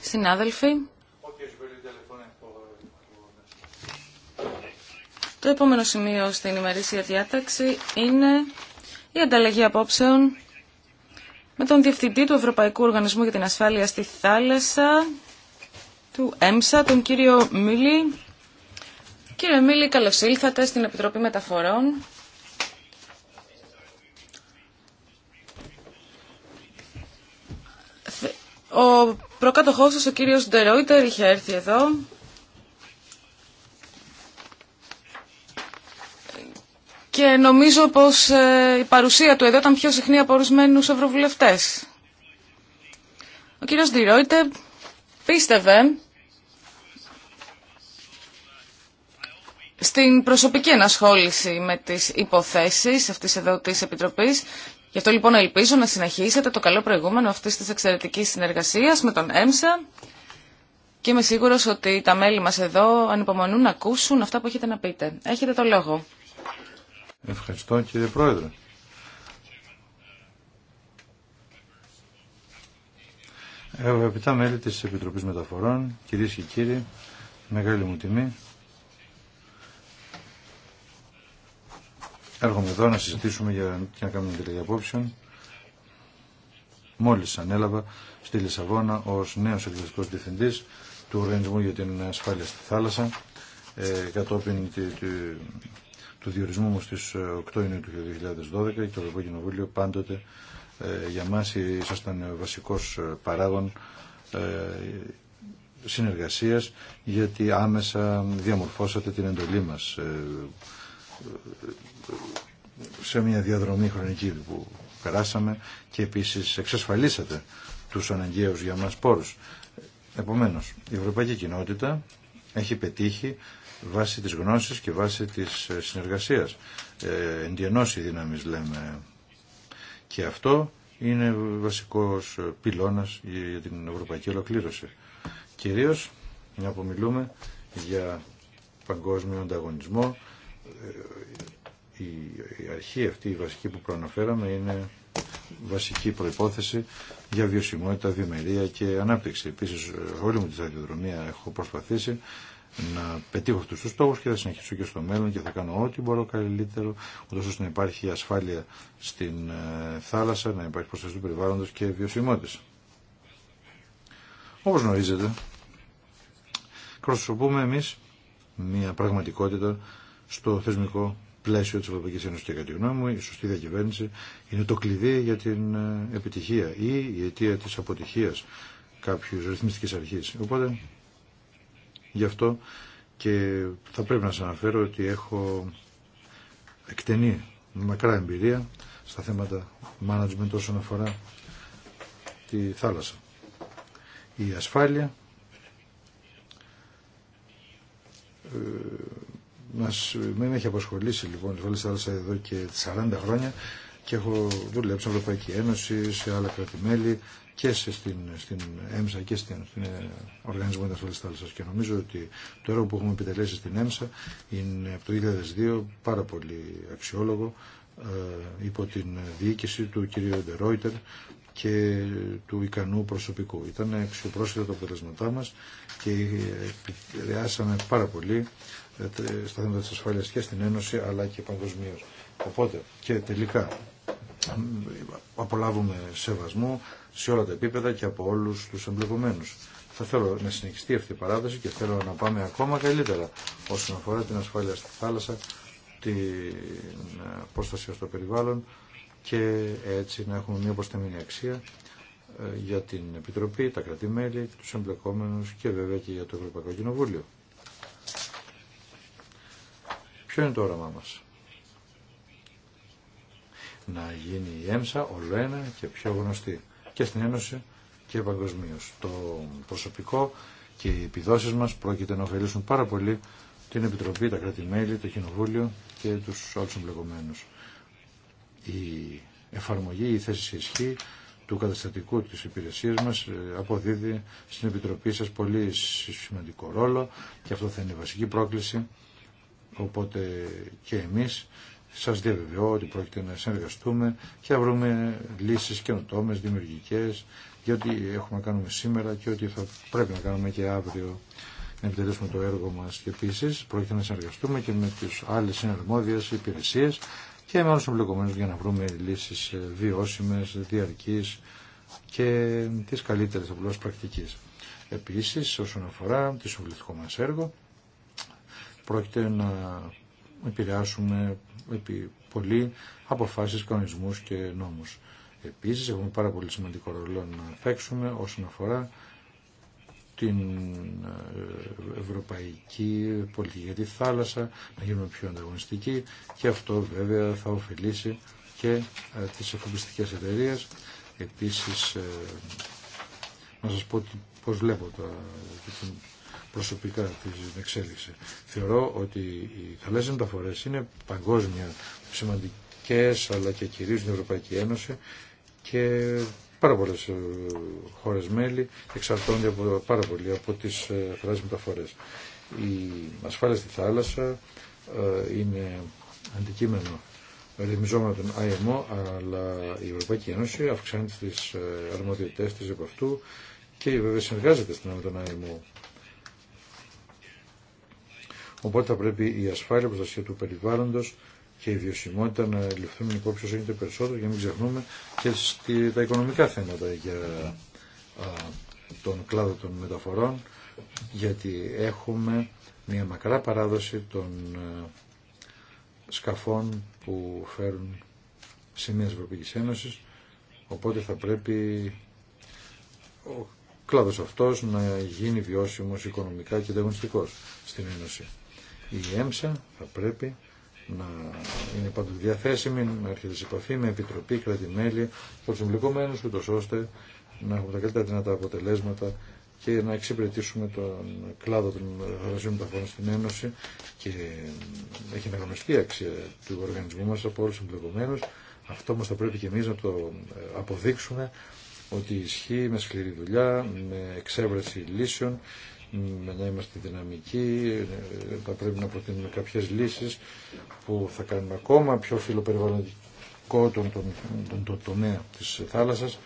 Συνάδελφοι, το επόμενο σημείο στην ημερήσια διάταξη είναι η ανταλλαγή απόψεων με τον Διευθυντή του Ευρωπαϊκού Οργανισμού για την Ασφάλεια στη Θάλασσα, του ΕΜΣΑ, τον κύριο Μίλη. Κύριε Μίλη, καλώς ήλθατε στην Επιτροπή Μεταφορών. Ο προκάτοχός σας, ο κύριος Ντερόιτερ, είχε έρθει εδώ. Και νομίζω πως ε, η παρουσία του εδώ ήταν πιο συχνή από ορισμένου Ο κύριος Ντερόιτερ πίστευε στην προσωπική ενασχόληση με τις υποθέσεις αυτής εδώ της Επιτροπής Γι' αυτό λοιπόν ελπίζω να συνεχίσετε το καλό προηγούμενο αυτή τη εξαιρετική συνεργασία με τον ΕΜΣΑ και είμαι σίγουρο ότι τα μέλη μας εδώ ανυπομονούν να ακούσουν αυτά που έχετε να πείτε. Έχετε το λόγο. Ευχαριστώ κύριε Πρόεδρε. Αγαπητά μέλη της Επιτροπής Μεταφορών, κυρίες και κύριοι, μεγάλη μου τιμή Έρχομαι εδώ να συζητήσουμε για, να κάνουμε τελεία απόψεων. Μόλις ανέλαβα στη Λισαβόνα ως νέος εκδοτικός διευθυντής του Οργανισμού για την Ασφάλεια στη Θάλασσα ε, κατόπιν τη, του διορισμού μου στις 8 ε, Ιουνίου του 2012 και το Ευρωπαϊκό Κοινοβούλιο πάντοτε ε, για μας ήσασταν βασικός ε, παράγον ε, συνεργασίας γιατί άμεσα διαμορφώσατε την εντολή μας σε μια διαδρομή χρονική που περάσαμε και επίσης εξασφαλίσατε τους αναγκαίους για μας πόρους. Επομένως, η Ευρωπαϊκή Κοινότητα έχει πετύχει βάσει της γνώσης και βάσει της ε, συνεργασίας. Ε, εντιενώσει δύναμης λέμε. Και αυτό είναι βασικός ε, πυλώνας για την ευρωπαϊκή ολοκλήρωση. Κυρίως, να που μιλούμε για παγκόσμιο ανταγωνισμό, ε, η αρχή αυτή, η βασική που προαναφέραμε, είναι βασική προϋπόθεση για βιωσιμότητα, διμερία και ανάπτυξη. Επίσης, όλη μου τη σταδιοδρομία έχω προσπαθήσει να πετύχω αυτούς τους στόχους και θα συνεχίσω και στο μέλλον και θα κάνω ό,τι μπορώ καλύτερο, ούτως ώστε να υπάρχει ασφάλεια στην ε, θάλασσα, να υπάρχει προστασία του περιβάλλοντος και βιωσιμότητας. Όπως γνωρίζετε, προσωπούμε εμείς μια πραγματικότητα στο θεσμικό πλαίσιο της Ευρωπαϊκής Ένωσης και κατά τη γνώμη μου η σωστή διακυβέρνηση είναι το κλειδί για την ε, επιτυχία ή η αιτία της αποτυχίας κάποιου ρυθμιστικής αρχής. Οπότε γι' αυτό και θα πρέπει να σας αναφέρω ότι έχω εκτενή μακρά εμπειρία στα θέματα management όσον αφορά τη θάλασσα. Η ασφάλεια ε, μας, με έχει απασχολήσει λοιπόν η Βόλη Θάλασσα εδώ και 40 χρόνια και έχω δουλέψει στην Ευρωπαϊκή Ένωση, σε άλλα κράτη-μέλη και σε, στην, στην ΕΜΣΑ και στην, στην ε, Οργανισμό Ασφαλής Θάλασσας και νομίζω ότι το έργο που έχουμε επιτελέσει στην ΕΜΣΑ είναι από το 2002 πάρα πολύ αξιόλογο ε, υπό την διοίκηση του κ. Ντερόιτερ και του ικανού προσωπικού. Ήταν αξιοπρόσφυτα τα αποτελέσματά μας και επηρεάσαμε πάρα πολύ ε, στα θέματα τη ασφάλεια και στην Ένωση αλλά και παγκοσμίω. Οπότε και τελικά απολαύουμε σεβασμό σε όλα τα επίπεδα και από όλου του εμπλεκόμενου. Θα θέλω να συνεχιστεί αυτή η παράδοση και θέλω να πάμε ακόμα καλύτερα όσον αφορά την ασφάλεια στη θάλασσα, την ε, απόσταση στο περιβάλλον και έτσι να έχουμε μια προσταμινή αξία ε, για την Επιτροπή, τα κρατημέλη, τους εμπλεκόμενους και βέβαια και για το Ευρωπαϊκό Κοινοβούλιο. Ποιο είναι το όραμά μας. Να γίνει η ΕΜΣΑ όλο ένα και πιο γνωστή και στην Ένωση και παγκοσμίω. Το προσωπικό και οι επιδόσεις μας πρόκειται να ωφελήσουν πάρα πολύ την Επιτροπή, τα κράτη-μέλη, το Κοινοβούλιο και τους άλλους εμπλεκομένους. Η εφαρμογή, η θέση σε ισχύ του καταστατικού της υπηρεσίας μας ε, αποδίδει στην Επιτροπή σας πολύ σημαντικό ρόλο και αυτό θα είναι η βασική πρόκληση Οπότε και εμείς σας διαβεβαιώ ότι πρόκειται να συνεργαστούμε και να βρούμε λύσεις καινοτόμες, δημιουργικές για ό,τι έχουμε να κάνουμε σήμερα και ό,τι θα πρέπει να κάνουμε και αύριο να επιτελέσουμε το έργο μας και επίση πρόκειται να συνεργαστούμε και με τις άλλες συναρμόδιες υπηρεσίες και με όλους τους εμπλεκομένους για να βρούμε λύσεις βιώσιμες, διαρκείς και τις καλύτερες απλώς πρακτικής. Επίσης, όσον αφορά τη συμβουλευτικό μας έργο, πρόκειται να επηρεάσουμε επί πολύ αποφάσεις, κανονισμούς και νόμους. Επίσης έχουμε πάρα πολύ σημαντικό ρόλο να παίξουμε όσον αφορά την ε, ευρωπαϊκή πολιτική για θάλασσα, να γίνουμε πιο ανταγωνιστικοί και αυτό βέβαια θα ωφελήσει και ε, τις εφοπλιστικές εταιρείε. Επίσης, ε, να σας πω πώς βλέπω το προσωπικά την εξέλιξη. Θεωρώ ότι οι καλέ μεταφορέ είναι παγκόσμια σημαντικέ, αλλά και κυρίω στην Ευρωπαϊκή Ένωση και πάρα πολλέ ε, χώρε μέλη εξαρτώνται από, πάρα πολύ από τι καλέ ε, μεταφορέ. Η ασφάλεια στη θάλασσα ε, είναι αντικείμενο ρυθμιζόμενο των IMO, αλλά η Ευρωπαϊκή Ένωση αυξάνει τι αρμοδιότητέ τη από αυτού και βέβαια συνεργάζεται στην με τον IMO. Οπότε θα πρέπει η ασφάλεια, η προστασία του περιβάλλοντος και η βιωσιμότητα να ληφθούν υπόψη όσο γίνεται περισσότερο για να μην ξεχνούμε και στη, τα οικονομικά θέματα για τον κλάδο των μεταφορών γιατί έχουμε μια μακρά παράδοση των σκαφών που φέρουν σημεία της Ευρωπαϊκής Ένωσης οπότε θα πρέπει ο κλάδος αυτός να γίνει βιώσιμος οικονομικά και ανταγωνιστικός στην Ένωση η ΕΜΣΑ θα πρέπει να είναι πάντοτε διαθέσιμη, να έρχεται σε επαφή με επιτροπή, κρατημέλη, του εμπλεκομένου, ούτω ώστε να έχουμε τα καλύτερα δυνατά αποτελέσματα και να εξυπηρετήσουμε τον κλάδο των εργασίων μεταφορών στην Ένωση και έχει αναγνωστεί αξία του οργανισμού μας από όλους τους Αυτό όμως θα πρέπει και εμείς να το ε, αποδείξουμε ότι ισχύει με σκληρή δουλειά, με εξέβρεση λύσεων να είμαστε δυναμικοί, ε, θα πρέπει να προτείνουμε κάποιες λύσεις που θα κάνουν ακόμα πιο φιλοπεριβαλλοντικό τον, τον, τον, τον τομέα της θάλασσας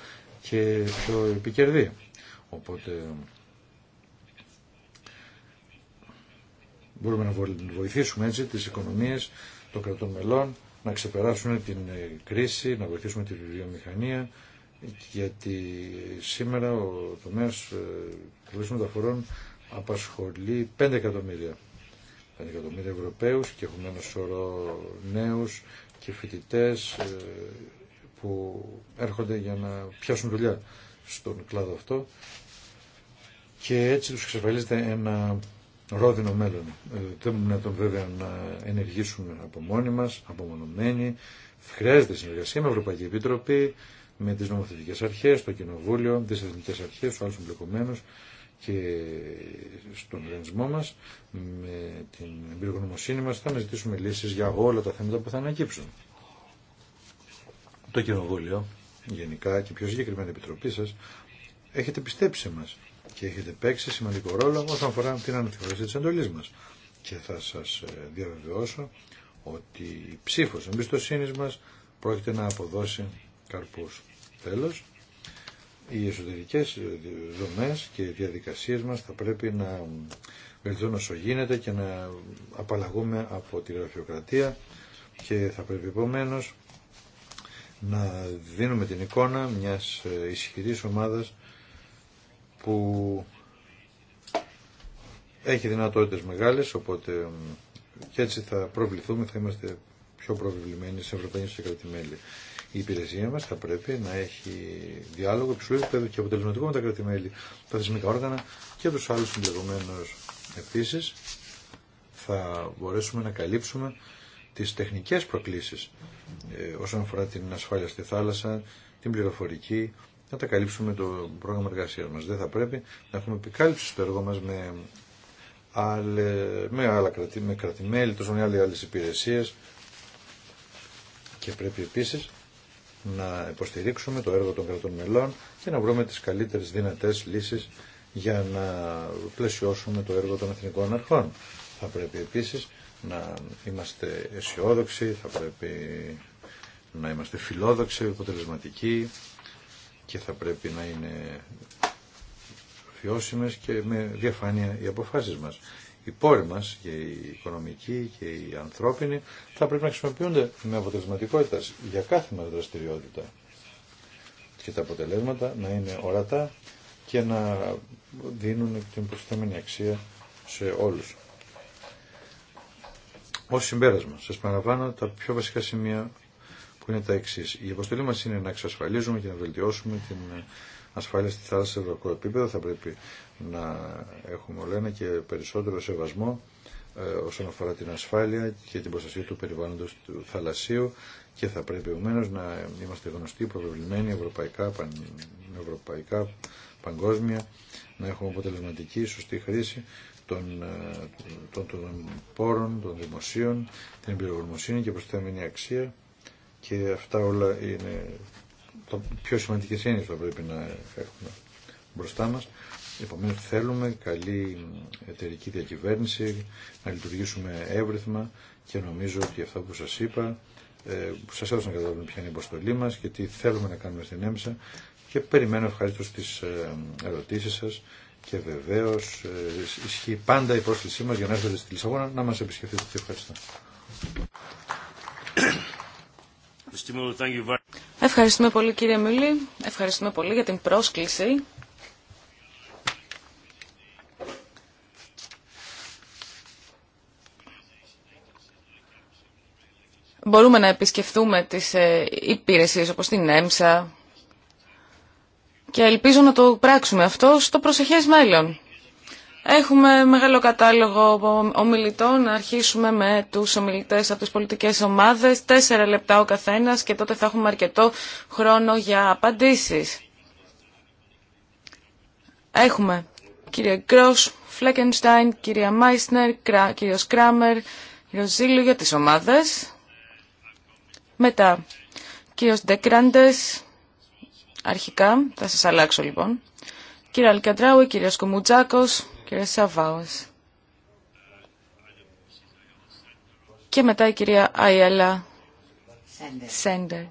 και πιο επικερδή. Οπότε μπορούμε να βοηθήσουμε έτσι τις οικονομίες των κρατών μελών να ξεπεράσουν την ε, κρίση, να βοηθήσουμε τη βιομηχανία γιατί σήμερα ο τομέας ε, τα φορών απασχολεί 5 εκατομμύρια. 5 εκατομμύρια Ευρωπαίους και έχουμε ένα σωρό νέους και φοιτητέ ε, που έρχονται για να πιάσουν δουλειά στον κλάδο αυτό και έτσι τους εξασφαλίζεται ένα ρόδινο μέλλον. Ε, δεν μπορούμε να τον βέβαια να ενεργήσουμε από μόνοι μας, απομονωμένοι. Χρειάζεται συνεργασία με Ευρωπαϊκή Επιτροπή, με τις νομοθετικές αρχές, το Κοινοβούλιο, τις εθνικές αρχές, του άλλου εμπλεκομένους και στον οργανισμό μας με την εμπειρογνωμοσύνη μας θα αναζητήσουμε λύσεις για όλα τα θέματα που θα ανακύψουν. Το κοινοβούλιο γενικά και πιο συγκεκριμένα η επιτροπή σας έχετε πιστέψει μα και έχετε παίξει σημαντικό ρόλο όσον αφορά την αναθεώρηση της εντολής μας. Και θα σας ε, διαβεβαιώσω ότι η ψήφος εμπιστοσύνη μας πρόκειται να αποδώσει καρπούς. Τέλος, οι εσωτερικές δομές και οι διαδικασίες μας θα πρέπει να βελτιωθούν όσο γίνεται και να απαλλαγούμε από τη γραφειοκρατία και θα πρέπει επομένω να δίνουμε την εικόνα μιας ισχυρής ομάδας που έχει δυνατότητες μεγάλες, οπότε και έτσι θα προβληθούμε, θα είμαστε πιο προβλημένοι σε Ευρωπαϊκή και η υπηρεσία μα θα πρέπει να έχει διάλογο υψηλού επίπεδου και αποτελεσματικό με τα κρατημέλη, τα θεσμικά όργανα και του άλλου συμπλεγωμένους. Επίση θα μπορέσουμε να καλύψουμε τι τεχνικέ προκλήσει ε, όσον αφορά την ασφάλεια στη θάλασσα, την πληροφορική, να τα καλύψουμε το πρόγραμμα εργασία μα Δεν θα πρέπει να έχουμε επικάλυψη στο έργο μα με, με άλλα κρατή, με κρατημέλη, τόσο με άλλε υπηρεσίε. και πρέπει επίσης να υποστηρίξουμε το έργο των κρατών μελών και να βρούμε τις καλύτερες δυνατές λύσεις για να πλαισιώσουμε το έργο των εθνικών αρχών. Θα πρέπει επίσης να είμαστε αισιόδοξοι, θα πρέπει να είμαστε φιλόδοξοι, αποτελεσματικοί και θα πρέπει να είναι βιώσιμες και με διαφάνεια οι αποφάσεις μας οι πόροι μας, και οι οικονομικοί και οι ανθρώπινοι, θα πρέπει να χρησιμοποιούνται με αποτελεσματικότητα για κάθε μας δραστηριότητα. Και τα αποτελέσματα να είναι ορατά και να δίνουν την προσθέμενη αξία σε όλους. Ως συμπέρασμα, σας παραβάνω τα πιο βασικά σημεία που είναι τα εξή. Η αποστολή μας είναι να εξασφαλίζουμε και να βελτιώσουμε την ασφάλεια στη θάλασσα σε ευρωπαϊκό επίπεδο. Θα πρέπει να έχουμε όλο ένα και περισσότερο σεβασμό ε, όσον αφορά την ασφάλεια και την προστασία του περιβάλλοντος του θαλασσίου και θα πρέπει ομένω να είμαστε γνωστοί, προβλημένοι ευρωπαϊκά, παν, ευρωπαϊκά, παγκόσμια, να έχουμε αποτελεσματική, σωστή χρήση των, ε, των, των πόρων, των δημοσίων, την εμπειρογνωμοσύνη και προσθέμενη αξία και αυτά όλα είναι το πιο σημαντικές έννοιες που πρέπει να έχουμε μπροστά μας. Επομένως θέλουμε καλή εταιρική διακυβέρνηση, να λειτουργήσουμε εύρυθμα και νομίζω ότι αυτά που σας είπα, ε, που σας έδωσαν να καταλάβουν ποια είναι η υποστολή μας και τι θέλουμε να κάνουμε στην έμψα και περιμένω ευχαριστώ τις ε, ερωτήσεις σας και βεβαίως ε, ισχύει πάντα η πρόσκλησή μας για να έρθετε στη Λισαβόνα να μας επισκεφτείτε ευχαριστώ. Ευχαριστούμε πολύ κύριε Μιλή. Ευχαριστούμε πολύ για την πρόσκληση. Μπορούμε να επισκεφθούμε τις ε, υπηρεσίες όπως την ΕΜΣΑ και ελπίζω να το πράξουμε αυτό στο προσεχές μέλλον. Έχουμε μεγάλο κατάλογο ομιλητών. Να αρχίσουμε με τους ομιλητές από τις πολιτικές ομάδες. Τέσσερα λεπτά ο καθένας και τότε θα έχουμε αρκετό χρόνο για απαντήσεις. Έχουμε κύριε Γκρός, Φλέκενστάιν, κυρία Μάισνερ, κύριος Κράμερ, κύριος Ζήλου για τις ομάδες. Μετά, κύριος Ντεκράντες, αρχικά, θα σας αλλάξω λοιπόν. Κύριε Αλκαντράουι, κύριος Κομουτζάκος, κύριε Σαβάος. Και μετά η κυρία Αϊέλα Σέντερ.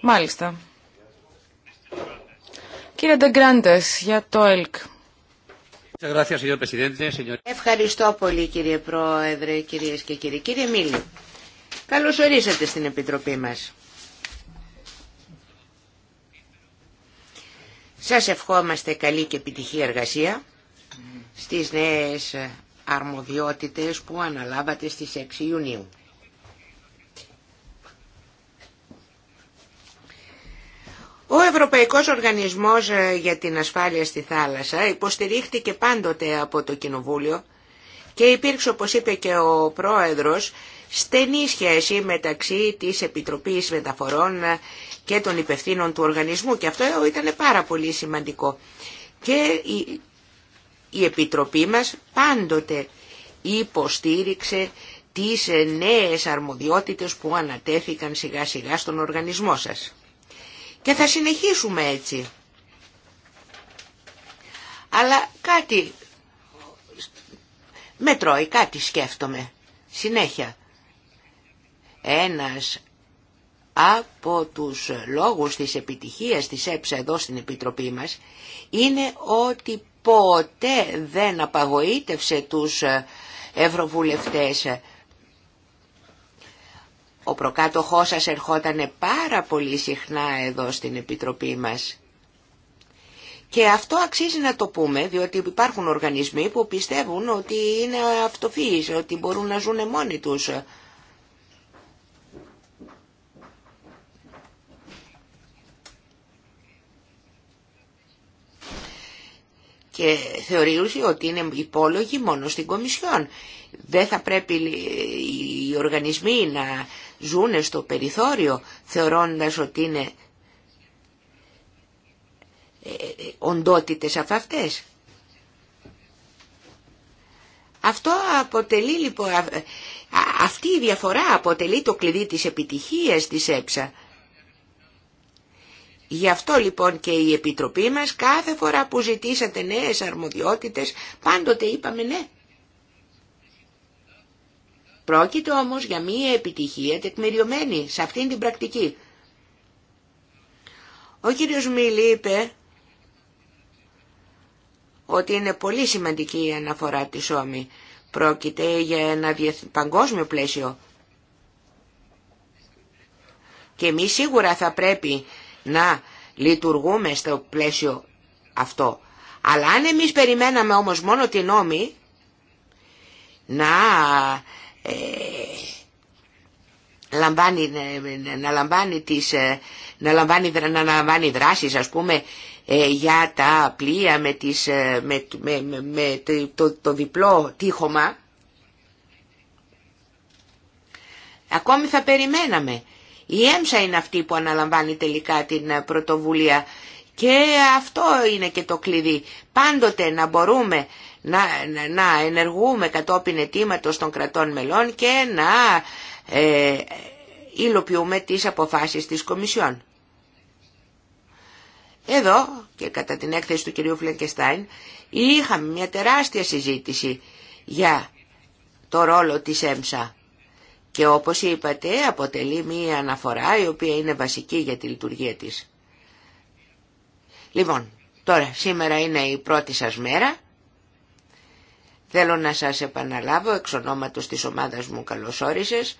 Μάλιστα. Κύριε Ντεγκράντες, για το ΕΛΚ. Ευχαριστώ πολύ κύριε Πρόεδρε, κυρίες και κύριοι. Κύριε Μίλη, καλώς ορίσατε στην Επιτροπή μας. Σας ευχόμαστε καλή και επιτυχή εργασία στις νέες αρμοδιότητες που αναλάβατε στις 6 Ιουνίου. Ο Ευρωπαϊκός Οργανισμός για την Ασφάλεια στη Θάλασσα υποστηρίχθηκε πάντοτε από το Κοινοβούλιο και υπήρξε, όπως είπε και ο Πρόεδρος, στενή σχέση μεταξύ της Επιτροπής Μεταφορών και των υπευθύνων του οργανισμού και αυτό ήταν πάρα πολύ σημαντικό. Και η, η Επιτροπή μας πάντοτε υποστήριξε τις νέες αρμοδιότητες που ανατέθηκαν σιγά σιγά στον οργανισμό σας. Και θα συνεχίσουμε έτσι. Αλλά κάτι μετρώει, κάτι σκέφτομαι. Συνέχεια. Ένας από τους λόγους της επιτυχίας της ΕΠΣΑ εδώ στην Επιτροπή μας είναι ότι ποτέ δεν απαγοήτευσε τους ευρωβουλευτές. Ο προκάτοχός σας ερχόταν πάρα πολύ συχνά εδώ στην Επιτροπή μας. Και αυτό αξίζει να το πούμε, διότι υπάρχουν οργανισμοί που πιστεύουν ότι είναι αυτοφύης, ότι μπορούν να ζουν μόνοι τους. και θεωρεί ότι είναι υπόλογοι μόνο στην Κομισιόν. Δεν θα πρέπει οι οργανισμοί να ζουν στο περιθώριο θεωρώντας ότι είναι ε, ε, οντότητες από αυτές. Αυτό αποτελεί λοιπόν, ε, αυτή η διαφορά αποτελεί το κλειδί της επιτυχίας της ΕΨΑ. Γι' αυτό λοιπόν και η Επιτροπή μας κάθε φορά που ζητήσατε νέες αρμοδιότητες πάντοτε είπαμε ναι. Πρόκειται όμως για μία επιτυχία τεκμηριωμένη σε αυτήν την πρακτική. Ο κύριος Μίλη είπε ότι είναι πολύ σημαντική η αναφορά της Όμη. Πρόκειται για ένα παγκόσμιο πλαίσιο. Και εμείς σίγουρα θα πρέπει να λειτουργούμε στο πλαίσιο αυτό. Αλλά αν εμείς περιμέναμε όμως μόνο την νόμη να, ε, λαμβάνει, ε, να, λαμβάνει τις, ε, να, λαμβάνει, να δράσεις ας πούμε για τα πλοία με, τις, με, το, το διπλό τείχομα ακόμη θα περιμέναμε. Η ΕΜΣΑ είναι αυτή που αναλαμβάνει τελικά την ε, πρωτοβουλία και αυτό είναι και το κλειδί. Πάντοτε να μπορούμε να, ενεργούμε κατόπιν αιτήματος των κρατών μελών και να ε, υλοποιούμε τις αποφάσεις της Κομισιόν. Εδώ και κατά την έκθεση του κυρίου Φλενκεστάιν είχαμε μια τεράστια συζήτηση για το ρόλο της ΕΜΣΑ και όπως είπατε αποτελεί μία αναφορά η οποία είναι βασική για τη λειτουργία της. Λοιπόν, τώρα σήμερα είναι η πρώτη σας μέρα. Θέλω να σας επαναλάβω εξ ονόματος της ομάδας μου καλωσόρισες.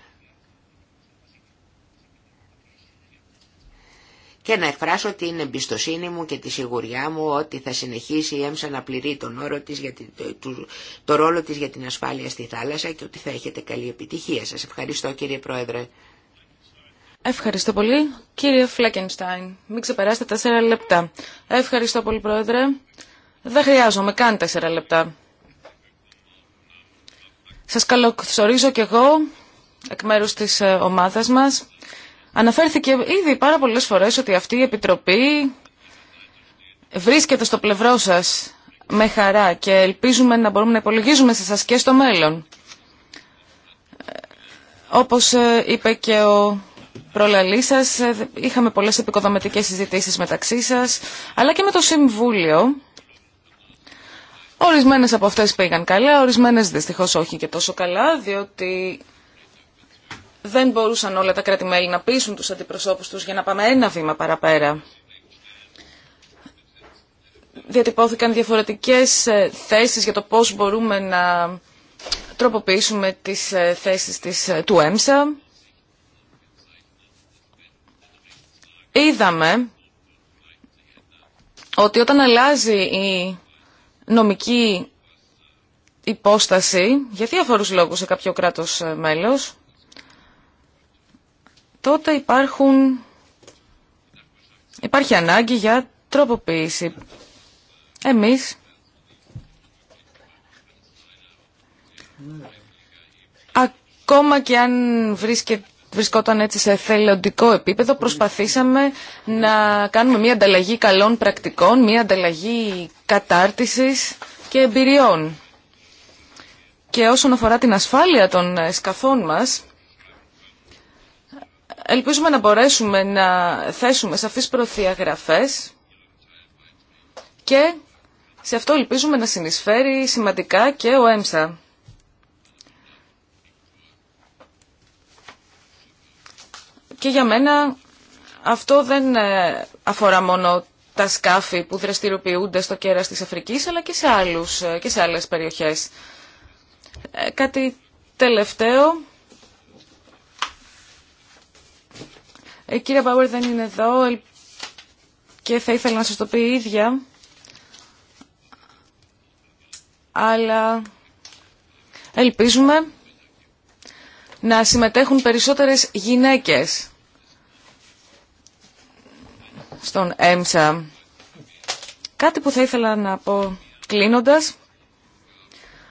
και να εκφράσω την εμπιστοσύνη μου και τη σιγουριά μου ότι θα συνεχίσει η ΕΜΣΑ να πληρεί τον όρο της για την, το, το ρόλο της για την ασφάλεια στη θάλασσα και ότι θα έχετε καλή επιτυχία. Σας ευχαριστώ κύριε Πρόεδρε. Ευχαριστώ πολύ. Κύριε Φλέκενστάιν, μην ξεπεράσετε τέσσερα λεπτά. Ευχαριστώ πολύ, Πρόεδρε. Δεν χρειάζομαι καν τέσσερα λεπτά. Σας καλωσορίζω κι εγώ εκ μέρους της ε, ομάδας μας. Αναφέρθηκε ήδη πάρα πολλές φορές ότι αυτή η Επιτροπή βρίσκεται στο πλευρό σας με χαρά και ελπίζουμε να μπορούμε να υπολογίζουμε σε σας και στο μέλλον. Ε, όπως ε, είπε και ο προλαλή σας, ε, είχαμε πολλές επικοδομητικές συζητήσεις μεταξύ σας, αλλά και με το Συμβούλιο. Ορισμένες από αυτές πήγαν καλά, ορισμένες δυστυχώς όχι και τόσο καλά, διότι δεν μπορούσαν όλα τα κράτη-μέλη να πείσουν τους αντιπροσώπους τους για να πάμε ένα βήμα παραπέρα. Διατυπώθηκαν διαφορετικές ε, θέσεις για το πώς μπορούμε να τροποποιήσουμε τις ε, θέσεις της, ε, του ΕΜΣΑ. Είδαμε ότι όταν αλλάζει η νομική υπόσταση, για διάφορους λόγους σε κάποιο κράτος μέλος, τότε υπάρχουν... υπάρχει ανάγκη για τροποποίηση. Εμείς ακόμα και αν βρισκόταν έτσι σε θελοντικό επίπεδο, προσπαθήσαμε να κάνουμε μια ανταλλαγή καλών πρακτικών, μια ανταλλαγή κατάρτισης και εμπειριών. Και όσον αφορά την ασφάλεια των ε, σκαφών μας, Ελπίζουμε να μπορέσουμε να θέσουμε σαφείς προθιαγραφές και σε αυτό ελπίζουμε να συνεισφέρει σημαντικά και ο ΕΜΣΑ. Και για μένα αυτό δεν ε, αφορά μόνο τα σκάφη που δραστηριοποιούνται στο κέρας της Αφρικής, αλλά και σε, άλλους, ε, και σε άλλες περιοχές. Ε, κάτι τελευταίο Ε, κύριε Μπάουερ δεν είναι εδώ και θα ήθελα να σας το πει η ίδια. Αλλά ελπίζουμε να συμμετέχουν περισσότερες γυναίκες στον ΕΜΣΑ. Κάτι που θα ήθελα να πω κλείνοντας.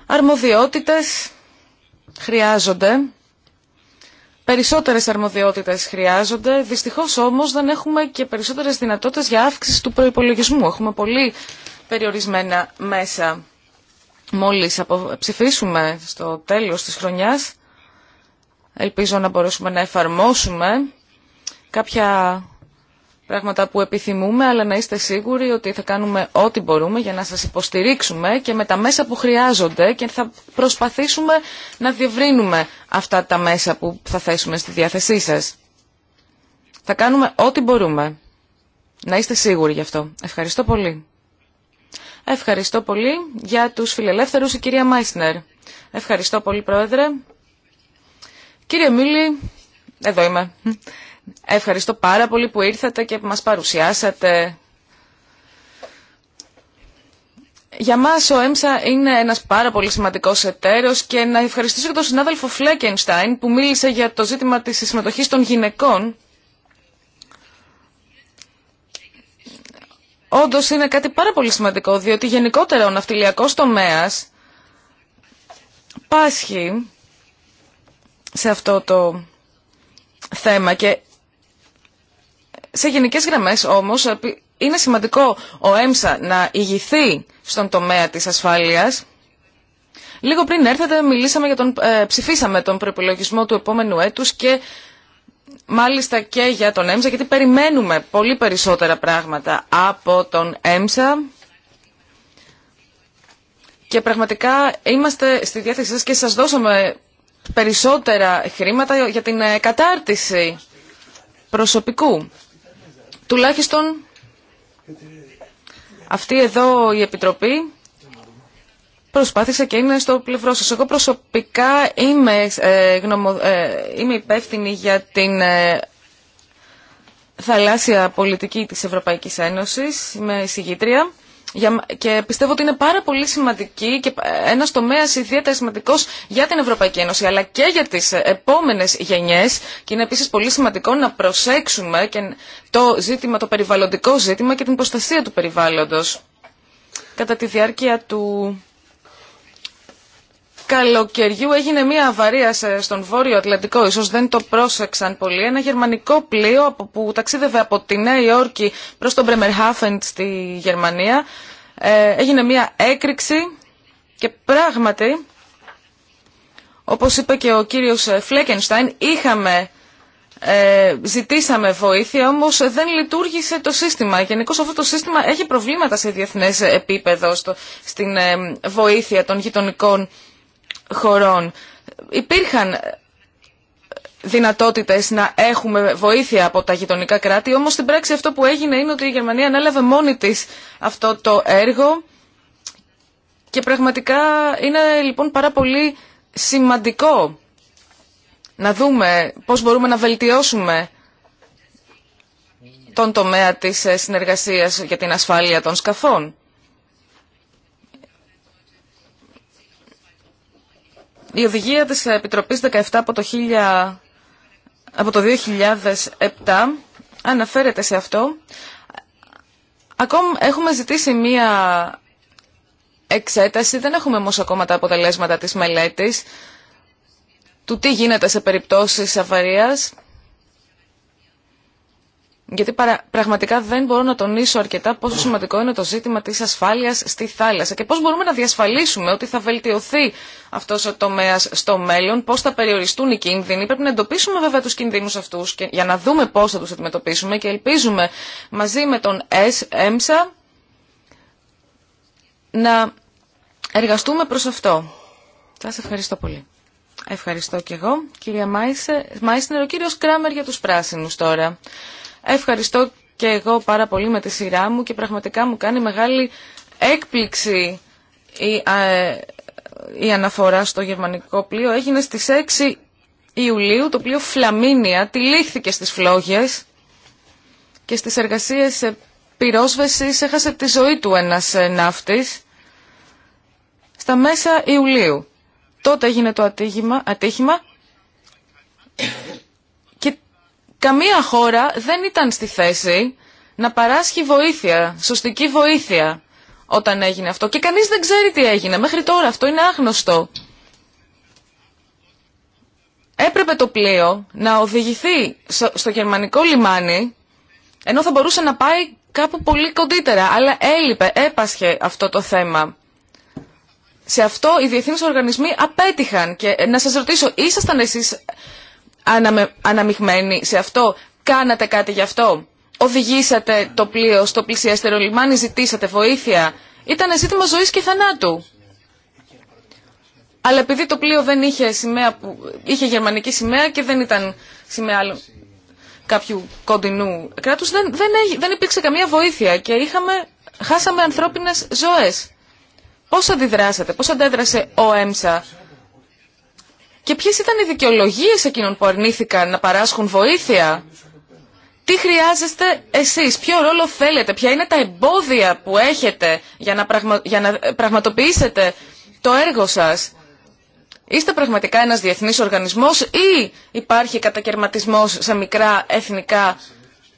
Αρμοδιότητες χρειάζονται Περισσότερες αρμοδιότητες χρειάζονται, δυστυχώς όμως δεν έχουμε και περισσότερες δυνατότητες για αύξηση του προϋπολογισμού. Έχουμε πολύ περιορισμένα μέσα. Μόλις ψηφίσουμε στο τέλος της χρονιάς, ελπίζω να μπορέσουμε να εφαρμόσουμε κάποια πράγματα που επιθυμούμε, αλλά να είστε σίγουροι ότι θα κάνουμε ό,τι μπορούμε για να σας υποστηρίξουμε και με τα μέσα που χρειάζονται και θα προσπαθήσουμε να διευρύνουμε αυτά τα μέσα που θα θέσουμε στη διάθεσή σας. Θα κάνουμε ό,τι μπορούμε. Να είστε σίγουροι γι' αυτό. Ευχαριστώ πολύ. Ευχαριστώ πολύ για τους φιλελεύθερους η κυρία Μάισνερ. Ευχαριστώ πολύ πρόεδρε. Κύριε Μίλη, εδώ είμαι. Ευχαριστώ πάρα πολύ που ήρθατε και που μας παρουσιάσατε. Για μας ο ΕΜΣΑ είναι ένας πάρα πολύ σημαντικός εταίρος και να ευχαριστήσω και τον συνάδελφο Φλέκενστάιν που μίλησε για το ζήτημα της συμμετοχής των γυναικών. Όντω είναι κάτι πάρα πολύ σημαντικό, διότι γενικότερα ο ναυτιλιακός τομέας πάσχει σε αυτό το θέμα και σε γενικές γραμμές όμως ε, είναι σημαντικό ο ΕΜΣΑ να ηγηθεί στον τομέα της ασφάλεια. Λίγο πριν έρθετε μιλήσαμε για τον, ε, ψηφίσαμε τον προπολογισμό του επόμενου έτους και μάλιστα και για τον ΕΜΣΑ γιατί περιμένουμε πολύ περισσότερα πράγματα από τον ΕΜΣΑ. Και πραγματικά είμαστε στη διάθεσή σας και σας δώσαμε περισσότερα χρήματα για την ε, κατάρτιση προσωπικού. Τουλάχιστον αυτή εδώ η Επιτροπή προσπάθησε και είναι στο πλευρό σας. Εγώ προσωπικά είμαι, ε, γνωμο, ε, είμαι υπεύθυνη για την ε, θαλάσσια πολιτική της Ευρωπαϊκής Ένωσης. Είμαι συγγήτρια και πιστεύω ότι είναι πάρα πολύ σημαντική και ένα τομέα ιδιαίτερα σημαντικό για την Ευρωπαϊκή Ένωση αλλά και για τι επόμενε γενιέ. Και είναι επίση πολύ σημαντικό να προσέξουμε και το ζήτημα, το περιβαλλοντικό ζήτημα και την προστασία του περιβάλλοντο κατά τη διάρκεια του καλοκαιριού έγινε μια αβαρία στον Βόρειο Ατλαντικό. Ίσως δεν το πρόσεξαν πολύ. Ένα γερμανικό πλοίο που ταξίδευε από τη Νέα Υόρκη προς τον Bremerhaven στη Γερμανία. Ε, έγινε μια έκρηξη και πράγματι, όπως είπε και ο κύριος Φλέκενστάιν, είχαμε ε, ζητήσαμε βοήθεια, όμως δεν λειτουργήσε το σύστημα. Γενικώ αυτό το σύστημα έχει προβλήματα σε διεθνές επίπεδο στο, στην ε, βοήθεια των γειτονικών χωρών. Υπήρχαν δυνατότητες να έχουμε βοήθεια από τα γειτονικά κράτη, όμως στην πράξη αυτό που έγινε είναι ότι η Γερμανία ανέλαβε μόνη της αυτό το έργο και πραγματικά είναι λοιπόν πάρα πολύ σημαντικό να δούμε πώς μπορούμε να βελτιώσουμε τον τομέα της συνεργασίας για την ασφάλεια των σκαφών. Η οδηγία της Επιτροπής 17 από το, από το 2007 αναφέρεται σε αυτό. Ακόμα έχουμε ζητήσει μία εξέταση, δεν έχουμε όμως ακόμα τα αποτελέσματα της μελέτης του τι γίνεται σε περιπτώσεις αφαρίας γιατί πραγματικά δεν μπορώ να τονίσω αρκετά πόσο σημαντικό είναι το ζήτημα της ασφάλειας στη θάλασσα και πώς μπορούμε να διασφαλίσουμε ότι θα βελτιωθεί αυτός ο τομέας στο μέλλον, πώς θα περιοριστούν οι κίνδυνοι. Πρέπει να εντοπίσουμε βέβαια τους κινδύνους αυτούς και, για να δούμε πώς θα τους αντιμετωπίσουμε και ελπίζουμε μαζί με τον ΕΜΣΑ να εργαστούμε προς αυτό. Σας ευχαριστώ πολύ. Ευχαριστώ και εγώ. Κυρία Μάισνερ, ο κύριος Κράμερ για τους πράσινους τώρα. Ευχαριστώ και εγώ πάρα πολύ με τη σειρά μου και πραγματικά μου κάνει μεγάλη έκπληξη η, ε, η αναφορά στο γερμανικό πλοίο. Έγινε στις 6 Ιουλίου το πλοίο Φλαμίνια τυλίχθηκε στις φλόγες και στις εργασίες πυρόσβεσης έχασε τη ζωή του ένας ε, ναύτης στα μέσα Ιουλίου. Τότε έγινε το ατύχημα, ατύχημα καμία χώρα δεν ήταν στη θέση να παράσχει βοήθεια, σωστική βοήθεια όταν έγινε αυτό. Και κανείς δεν ξέρει τι έγινε. Μέχρι τώρα αυτό είναι άγνωστο. Έπρεπε το πλοίο να οδηγηθεί στο γερμανικό λιμάνι, ενώ θα μπορούσε να πάει κάπου πολύ κοντύτερα, αλλά έλειπε, έπασχε αυτό το θέμα. Σε αυτό οι διεθνείς οργανισμοί απέτυχαν και να σας ρωτήσω, ήσασταν εσείς αναμειγμένοι σε αυτό. Κάνατε κάτι γι' αυτό. Οδηγήσατε το πλοίο στο πλησιαστερό λιμάνι, ζητήσατε βοήθεια. Ήταν ζήτημα ζωής και θανάτου. Αλλά επειδή το πλοίο δεν είχε, σημαία είχε γερμανική σημαία και δεν ήταν σημαία άλλων κάποιου κοντινού κράτους, δεν, δεν, δεν υπήρξε καμία βοήθεια και είχαμε, χάσαμε ανθρώπινες ζωές. Πώς αντιδράσατε, πώς αντέδρασε ο ΕΜΣΑ και ποιες ήταν οι δικαιολογίες εκείνων που αρνήθηκαν να παράσχουν βοήθεια. Τι χρειάζεστε εσείς, ποιο ρόλο θέλετε, ποια είναι τα εμπόδια που έχετε για να, πραγματοποιήσετε το έργο σας. Είστε πραγματικά ένας διεθνής οργανισμός ή υπάρχει κατακαιρματισμός σε μικρά εθνικά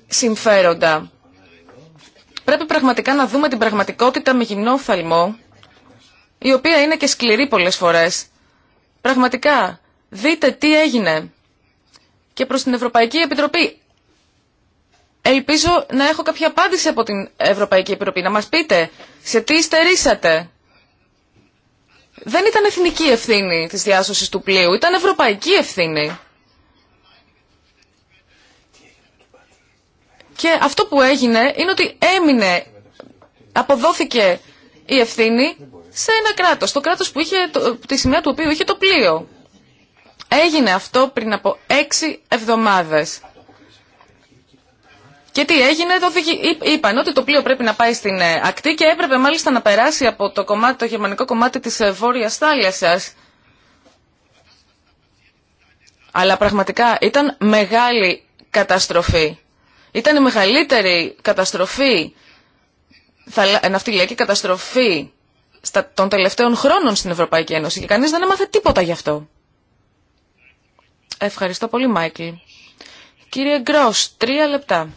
συμφέροντα. Πρέπει πραγματικά να δούμε την πραγματικότητα με γυμνό φαλμό, η οποία δουμε την πραγματικοτητα με γυμνο η οποια ειναι και σκληρή πολλές φορές. Πραγματικά, δείτε τι έγινε. Και προς την Ευρωπαϊκή Επιτροπή. Ελπίζω να έχω κάποια απάντηση από την Ευρωπαϊκή Επιτροπή. Να μας πείτε σε τι στερήσατε. Δεν ήταν εθνική ευθύνη της διάσωσης του πλοίου. Ήταν ευρωπαϊκή ευθύνη. Και αυτό που έγινε είναι ότι έμεινε, αποδόθηκε η ευθύνη σε ένα κράτος, το κράτος που είχε, τη σημαία του οποίου είχε το πλοίο. Έγινε αυτό πριν από έξι εβδομάδες. Και τι έγινε, το είπαν ότι το πλοίο πρέπει να πάει στην ε, ακτή και έπρεπε μάλιστα να περάσει από το, κομμάτι, το γερμανικό κομμάτι της ε, Βόρειας Θάλασσας. Αλλά πραγματικά ήταν μεγάλη καταστροφή. Ήταν η μεγαλύτερη καταστροφή ναυτιλία και καταστροφή στα, των τελευταίων χρόνων στην Ευρωπαϊκή Ένωση και κανείς δεν έμαθε τίποτα γι' αυτό. Ευχαριστώ πολύ Μάικλ. Κύριε Γκρός, τρία λεπτά.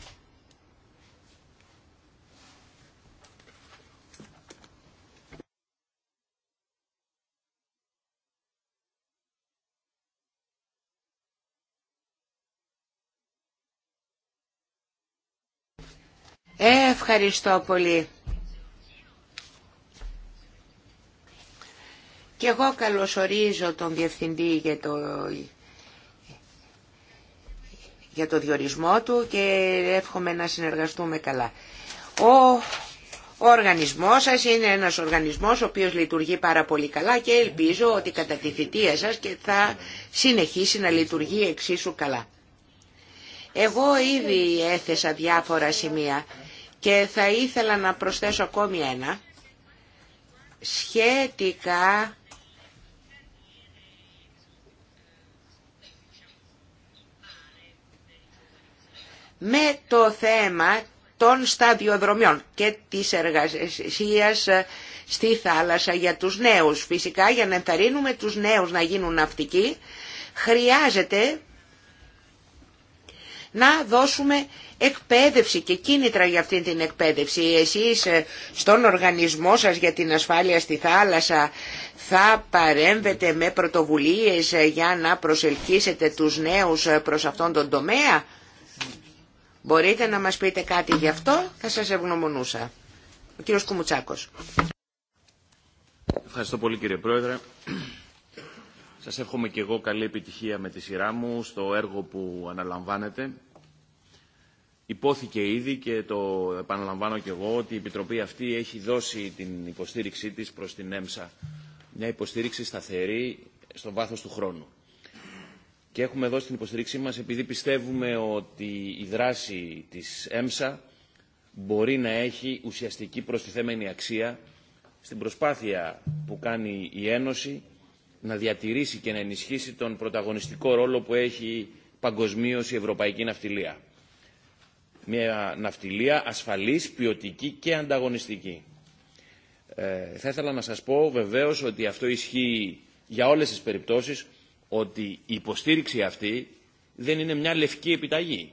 Ε, ευχαριστώ πολύ. Και εγώ καλωσορίζω τον Διευθυντή για το, για το διορισμό του και εύχομαι να συνεργαστούμε καλά. Ο ο οργανισμός σας είναι ένας οργανισμός ο οποίος λειτουργεί πάρα πολύ καλά και ελπίζω ότι κατά τη θητεία σας και θα συνεχίσει να λειτουργεί εξίσου καλά. Εγώ ήδη έθεσα διάφορα σημεία και θα ήθελα να προσθέσω ακόμη ένα σχετικά με το θέμα των σταδιοδρομιών και της εργασίας ε, στη θάλασσα για τους νέους. Φυσικά για να ενθαρρύνουμε τους νέους να γίνουν ναυτικοί χρειάζεται να δώσουμε εκπαίδευση και κίνητρα για αυτή την εκπαίδευση. Εσείς ε, στον οργανισμό σας για την ασφάλεια στη θάλασσα θα παρέμβετε με πρωτοβουλίες ε, για να προσελκύσετε τους νέους προς αυτόν τον τομέα Μπορείτε να μας πείτε κάτι γι' αυτό, θα σας ευγνωμονούσα. Ο κύριος Κουμουτσάκος. Ευχαριστώ πολύ κύριε Πρόεδρε. Σας εύχομαι και εγώ καλή επιτυχία με τη σειρά μου στο έργο που αναλαμβάνετε. Υπόθηκε ήδη και το επαναλαμβάνω και εγώ ότι η Επιτροπή αυτή έχει δώσει την υποστήριξή της προς την ΕΜΣΑ. Μια υποστήριξη σταθερή στο βάθος του χρόνου και έχουμε δώσει την υποστήριξή μας επειδή πιστεύουμε ότι η δράση της ΕΜΣΑ μπορεί να έχει ουσιαστική προστιθέμενη αξία στην προσπάθεια που κάνει η Ένωση να διατηρήσει και να ενισχύσει τον πρωταγωνιστικό ρόλο που έχει παγκοσμίω η ευρωπαϊκή ναυτιλία. Μια ναυτιλία ασφαλής, ποιοτική και ανταγωνιστική. Ε, θα ήθελα να σας πω βεβαίως ότι αυτό ισχύει για όλες τις περιπτώσεις ότι η υποστήριξη αυτή δεν είναι μια λευκή επιταγή.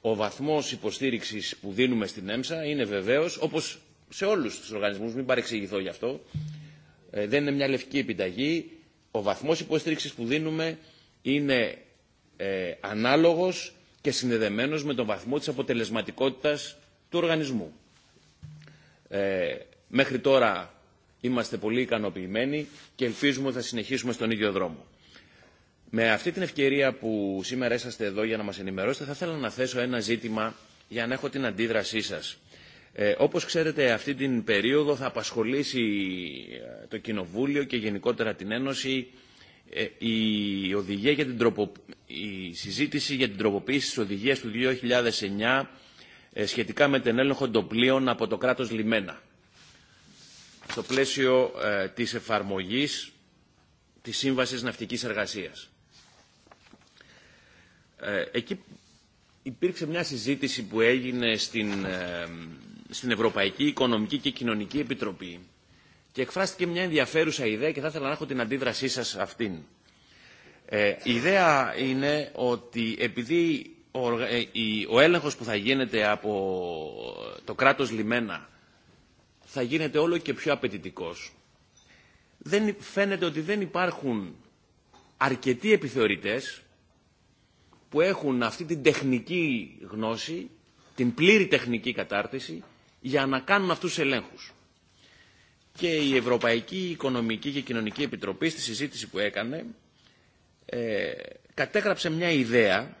Ο βαθμός υποστήριξης που δίνουμε στην ΕΜΣΑ είναι βεβαίως, όπως σε όλους τους οργανισμούς, μην παρεξηγηθώ γι' αυτό, ε, δεν είναι μια λευκή επιταγή. Ο βαθμός υποστήριξης που δίνουμε είναι ε, ανάλογος και συνδεδεμένος με τον βαθμό της αποτελεσματικότητας του οργανισμού. Ε, μέχρι τώρα είμαστε πολύ ικανοποιημένοι και ελπίζουμε ότι θα συνεχίσουμε στον ίδιο δρόμο. Με αυτή την ευκαιρία που σήμερα είσαστε εδώ για να μας ενημερώσετε, θα ήθελα να θέσω ένα ζήτημα για να έχω την αντίδρασή σας. Ε, όπως ξέρετε, αυτή την περίοδο θα απασχολήσει ε, το Κοινοβούλιο και γενικότερα την Ένωση ε, η, οδηγία για την τροπο, η συζήτηση για την τροποποίηση της οδηγίας του 2009 ε, σχετικά με την έλεγχο των πλοίων από το κράτος λιμένα. Στο πλαίσιο της εφαρμογής της Σύμβασης Ναυτικής Εργασίας. Ε, εκεί υπήρξε μια συζήτηση που έγινε στην, ε, στην Ευρωπαϊκή Οικονομική και Κοινωνική Επιτροπή και εκφράστηκε μια ενδιαφέρουσα ιδέα και θα ήθελα να έχω την αντίδρασή σας αυτήν. Ε, η ιδέα είναι ότι επειδή ο, ο έλεγχος που θα γίνεται από το κράτος λιμένα θα γίνεται όλο και πιο απαιτητικός, δεν, φαίνεται ότι δεν υπάρχουν αρκετοί επιθεωρητές που έχουν αυτή την τεχνική γνώση, την πλήρη τεχνική κατάρτιση, για να κάνουν αυτούς τους ελέγχους. Και η Ευρωπαϊκή Οικονομική και Κοινωνική Επιτροπή στη συζήτηση που έκανε ε, κατέγραψε μια ιδέα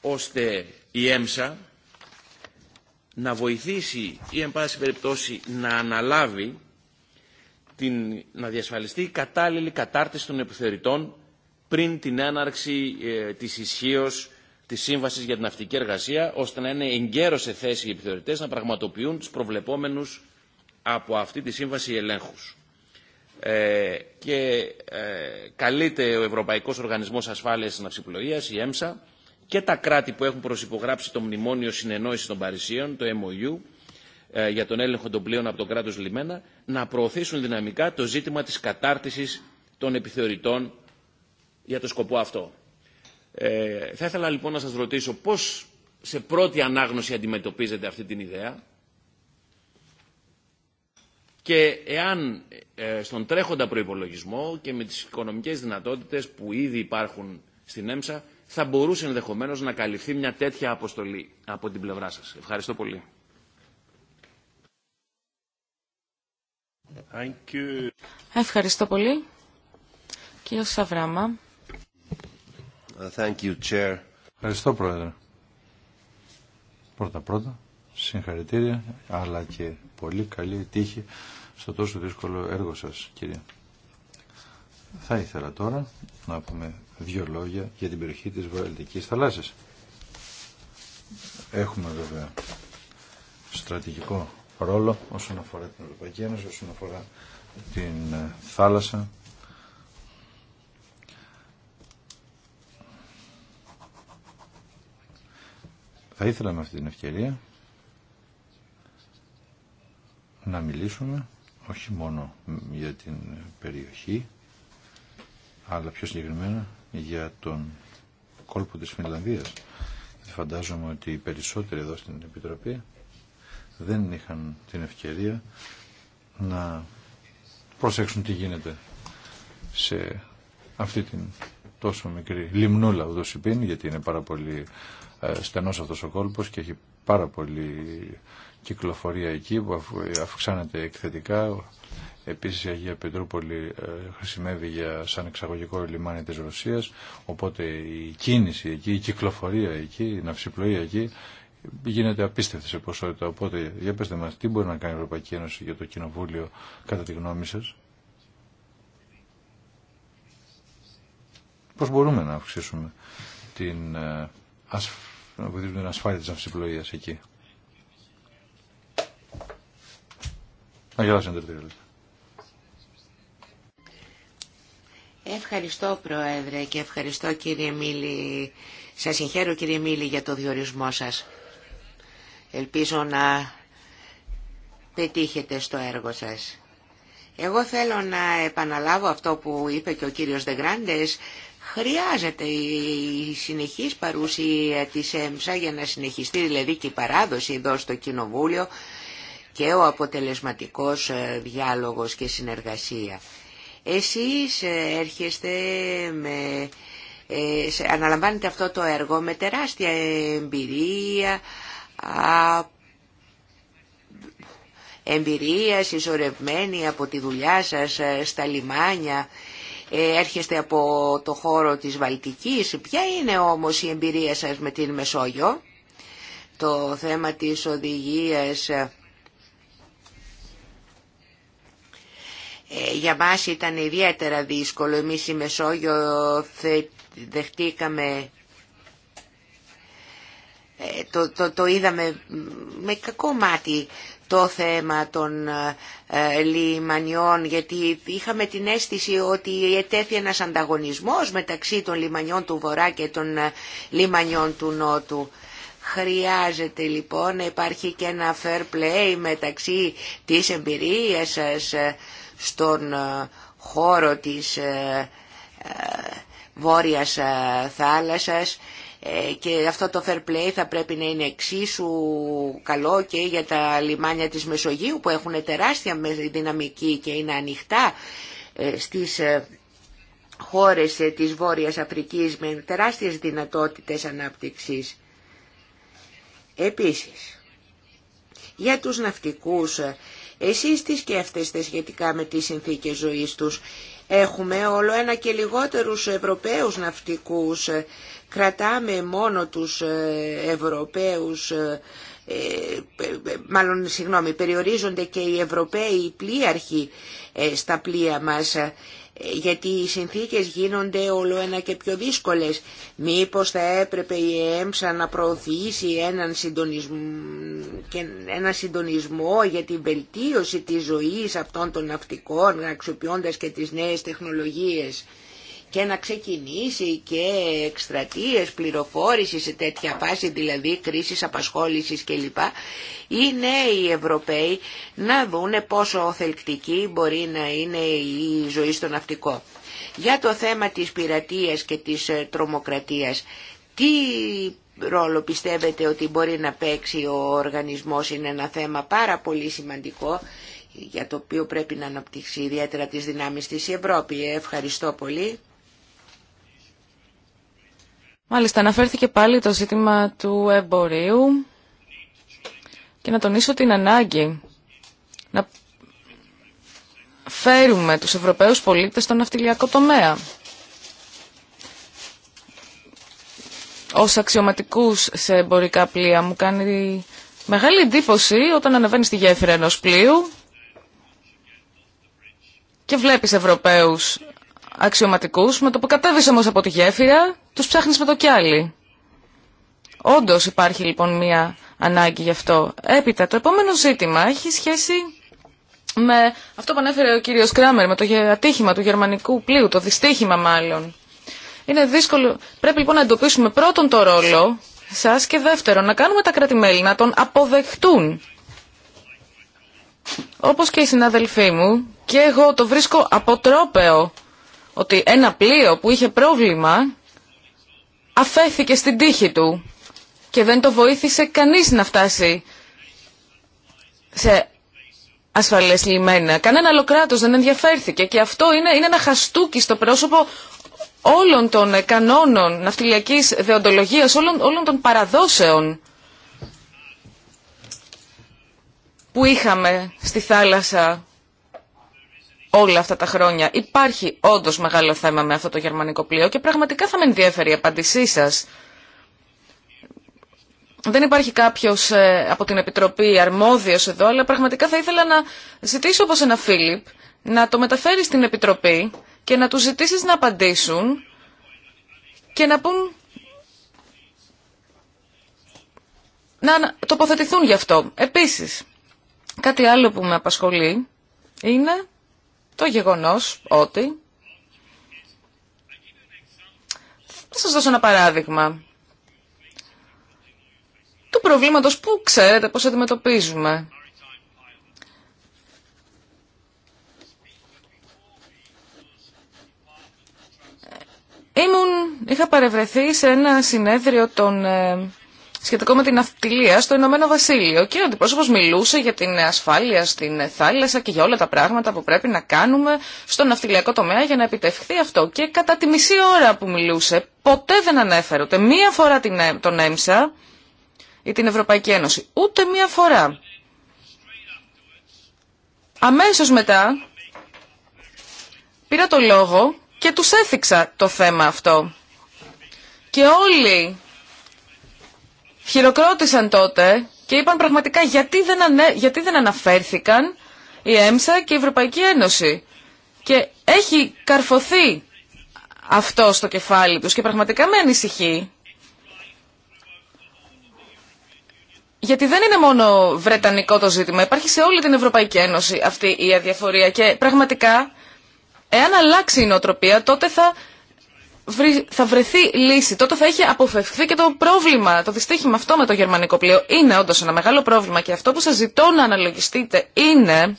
ώστε η ΕΜΣΑ να βοηθήσει ή εν πάση περιπτώσει να αναλάβει την, να διασφαλιστεί η κατάλληλη κατάρτιση των επιθεωρητών πριν την έναρξη ε, της ισχύω της Σύμβασης για την Αυτική Εργασία, ώστε να είναι εγκαίρος σε θέση οι επιθεωρητές να πραγματοποιούν τους προβλεπόμενους από αυτή τη Σύμβαση ελέγχους. Ε, και ε, καλείται ο Ευρωπαϊκός Οργανισμός Ασφάλειας της Ναυσιπλοείας, η ΕΜΣΑ, και τα κράτη που έχουν προσυπογράψει το Μνημόνιο Συνεννόησης των Παρισίων, το MOU, ε, για τον έλεγχο των πλοίων από το κράτος λιμένα, να προωθήσουν δυναμικά το ζήτημα της κατάρτισης των επιθεωρητών για το σκοπό αυτό. Ε, θα ήθελα λοιπόν να σας ρωτήσω πώς σε πρώτη ανάγνωση αντιμετωπίζετε αυτή την ιδέα και εάν ε, στον τρέχοντα προϋπολογισμό και με τις οικονομικές δυνατότητες που ήδη υπάρχουν στην ΕΜΣΑ θα μπορούσε ενδεχομένως να καλυφθεί μια τέτοια αποστολή από την πλευρά σας. Ευχαριστώ πολύ. Ευχαριστώ πολύ. Κύριο Σαβράμα. Thank you, Chair. Ευχαριστώ, Πρόεδρε. Πρώτα-πρώτα, συγχαρητήρια, αλλά και πολύ καλή τύχη στο τόσο δύσκολο έργο σας, κύριε. Θα ήθελα τώρα να πούμε δύο λόγια για την περιοχή της Βορειοελτικής θαλάσσης. Έχουμε βέβαια στρατηγικό ρόλο όσον αφορά την Ευρωπαϊκή Ένωση, όσον αφορά την ε, θάλασσα Θα ήθελα με αυτή την ευκαιρία να μιλήσουμε όχι μόνο για την περιοχή αλλά πιο συγκεκριμένα για τον κόλπο της Φινλανδίας. Φαντάζομαι ότι οι περισσότεροι εδώ στην Επιτροπή δεν είχαν την ευκαιρία να προσέξουν τι γίνεται σε αυτή την τόσο μικρή λιμνούλα ούτως υπήν, γιατί είναι πάρα πολύ ε, στενός αυτός ο κόλπος και έχει πάρα πολύ κυκλοφορία εκεί που ε, αυξάνεται εκθετικά. Επίσης η Αγία Πετρούπολη ε, χρησιμεύει για, σαν εξαγωγικό λιμάνι της Ρωσίας, οπότε η κίνηση εκεί, η κυκλοφορία εκεί, η ναυσιπλοεία εκεί γίνεται απίστευτη σε ποσότητα. Οπότε για πέστε μας τι μπορεί να κάνει η Ευρωπαϊκή Ένωση για το Κοινοβούλιο κατά τη γνώμη σας. Πώς μπορούμε να αυξήσουμε την να την ασφάλεια της Ευχαριστώ Πρόεδρε και ευχαριστώ κύριε Μίλη. Σας συγχαίρω κύριε Μίλη για το διορισμό σας. Ελπίζω να πετύχετε στο έργο σας. Εγώ θέλω να επαναλάβω αυτό που είπε και ο κύριος Δεγκράντες Χρειάζεται η συνεχής παρουσία της ΕΜΣΑ για να συνεχιστεί δηλαδή και η παράδοση εδώ στο Κοινοβούλιο και ο αποτελεσματικός ε, διάλογος και συνεργασία. Εσείς ε, έρχεστε με... Ε, αναλαμβάνετε αυτό το έργο με τεράστια εμπειρία, εμπειρία συσσωρευμένη από τη δουλειά σας στα λιμάνια ε, έρχεστε από το χώρο της Βαλτικής. Ποια είναι όμως η εμπειρία σας με την Μεσόγειο. Το θέμα της οδηγίας ε, ε, για μας ήταν ιδιαίτερα δύσκολο. Εμείς η Μεσόγειο δεχτήκαμε το, το είδαμε με κακό μάτι το θέμα των ε, λιμανιών γιατί είχαμε την αίσθηση ότι ετέθη ένας ανταγωνισμός μεταξύ των λιμανιών του Βορρά και των ε, λιμανιών του Νότου. Χρειάζεται λοιπόν να υπάρχει και ένα fair play μεταξύ της εμπειρίας σας ε, στον χώρο της Βόρειας Θάλασσας ε, και αυτό το fair play θα πρέπει να είναι εξίσου καλό και για τα λιμάνια της Μεσογείου που έχουν τεράστια δυναμική και είναι ανοιχτά ε, στις ε, χώρες της Βόρειας Αφρικής με τεράστιες δυνατότητες ανάπτυξης. Επίσης, για τους ναυτικούς, εσείς τι σκέφτεστε σχετικά με τις συνθήκες ζωής τους Έχουμε όλο ένα και λιγότερους Ευρωπαίους ναυτικούς. Κρατάμε μόνο τους ε, Ευρωπαίους, ε, ε, μάλλον συγγνώμη, περιορίζονται και οι Ευρωπαίοι πλοίαρχοι στα πλοία μας γιατί οι συνθήκες γίνονται όλο ένα και πιο δύσκολες. Μήπως θα έπρεπε η ΕΜΣΑ να προωθήσει έναν συντονισμό, συντονισμό για την βελτίωση της ζωής αυτών των ναυτικών, αξιοποιώντας και τις νέες τεχνολογίες και να ξεκινήσει και εκστρατείες πληροφόρηση σε τέτοια φάση, δηλαδή κρίσης απασχόλησης κλπ. Οι νέοι Ευρωπαίοι να δούνε πόσο θελκτική μπορεί να είναι η ζωή στο ναυτικό. Για το θέμα της πειρατείας και της ε, τρομοκρατίας, τι ρόλο πιστεύετε ότι μπορεί να παίξει ο οργανισμός είναι ένα θέμα πάρα πολύ σημαντικό για το οποίο πρέπει να αναπτύξει ιδιαίτερα τις δυνάμεις της Ευρώπη. Ε, ευχαριστώ πολύ. Μάλιστα, αναφέρθηκε πάλι το ζήτημα του εμπορίου και να τονίσω την ανάγκη να φέρουμε τους Ευρωπαίους πολίτες στον ναυτιλιακό τομέα. Ως αξιωματικούς σε εμπορικά πλοία μου κάνει μεγάλη εντύπωση όταν ανεβαίνει στη γέφυρα ενός πλοίου και βλέπεις Ευρωπαίους αξιωματικούς, με το που κατέβησε όμω από τη γέφυρα, του ψάχνει με το κιάλι. Όντω υπάρχει λοιπόν μία ανάγκη γι' αυτό. Έπειτα, το επόμενο ζήτημα έχει σχέση με αυτό που ανέφερε ο κύριος Κράμερ, με το ατύχημα του γερμανικού πλοίου, το δυστύχημα μάλλον. Είναι δύσκολο. Πρέπει λοιπόν να εντοπίσουμε πρώτον το ρόλο σας και δεύτερον να κάνουμε τα κρατημέλη να τον αποδεχτούν. Όπως και οι συνάδελφοί μου και εγώ το βρίσκω αποτρόπαιο ότι ένα πλοίο που είχε πρόβλημα αφέθηκε στην τύχη του και δεν το βοήθησε κανείς να φτάσει σε ασφαλές λιμένα. Κανένα άλλο κράτος δεν ενδιαφέρθηκε και αυτό είναι, είναι ένα χαστούκι στο πρόσωπο όλων των κανόνων ναυτιλιακής δεοντολογίας, όλων, όλων των παραδόσεων που είχαμε στη θάλασσα όλα αυτά τα χρόνια. Υπάρχει όντω μεγάλο θέμα με αυτό το γερμανικό πλοίο και πραγματικά θα με ενδιαφέρει η απάντησή σα. Δεν υπάρχει κάποιο ε, από την Επιτροπή αρμόδιο εδώ, αλλά πραγματικά θα ήθελα να ζητήσω όπω ένα Φίλιπ να το μεταφέρει στην Επιτροπή και να του ζητήσει να απαντήσουν και να πούν. Να τοποθετηθούν γι' αυτό. Επίση, κάτι άλλο που με απασχολεί είναι το γεγονός ότι... Θα σας δώσω ένα παράδειγμα του προβλήματος που ξέρετε πώς αντιμετωπίζουμε. Ήμουν, είχα παρευρεθεί σε ένα συνέδριο των ε, σχετικό με την ναυτιλία στο Ηνωμένο Βασίλειο και ο αντιπρόσωπο μιλούσε για την ασφάλεια στην θάλασσα και για όλα τα πράγματα που πρέπει να κάνουμε στο ναυτιλιακό τομέα για να επιτευχθεί αυτό. Και κατά τη μισή ώρα που μιλούσε ποτέ δεν ανέφερε ούτε μία φορά την, ε, τον ΕΜΣΑ ή την Ευρωπαϊκή Ένωση. Ούτε μία φορά. Αμέσως μετά πήρα το λόγο και τους έθιξα το θέμα αυτό. Και όλοι χειροκρότησαν τότε και είπαν πραγματικά γιατί δεν, αναφέρθηκαν η ΕΜΣΑ και η Ευρωπαϊκή Ένωση. Και έχει καρφωθεί αυτό στο κεφάλι τους και πραγματικά με ανησυχεί. Γιατί δεν είναι μόνο βρετανικό το ζήτημα, υπάρχει σε όλη την Ευρωπαϊκή Ένωση αυτή η αδιαφορία και πραγματικά εάν αλλάξει η νοοτροπία τότε θα θα βρεθεί λύση. Τότε θα έχει αποφευχθεί και το πρόβλημα, το δυστύχημα αυτό με το γερμανικό πλοίο. Είναι όντω ένα μεγάλο πρόβλημα και αυτό που σας ζητώ να αναλογιστείτε είναι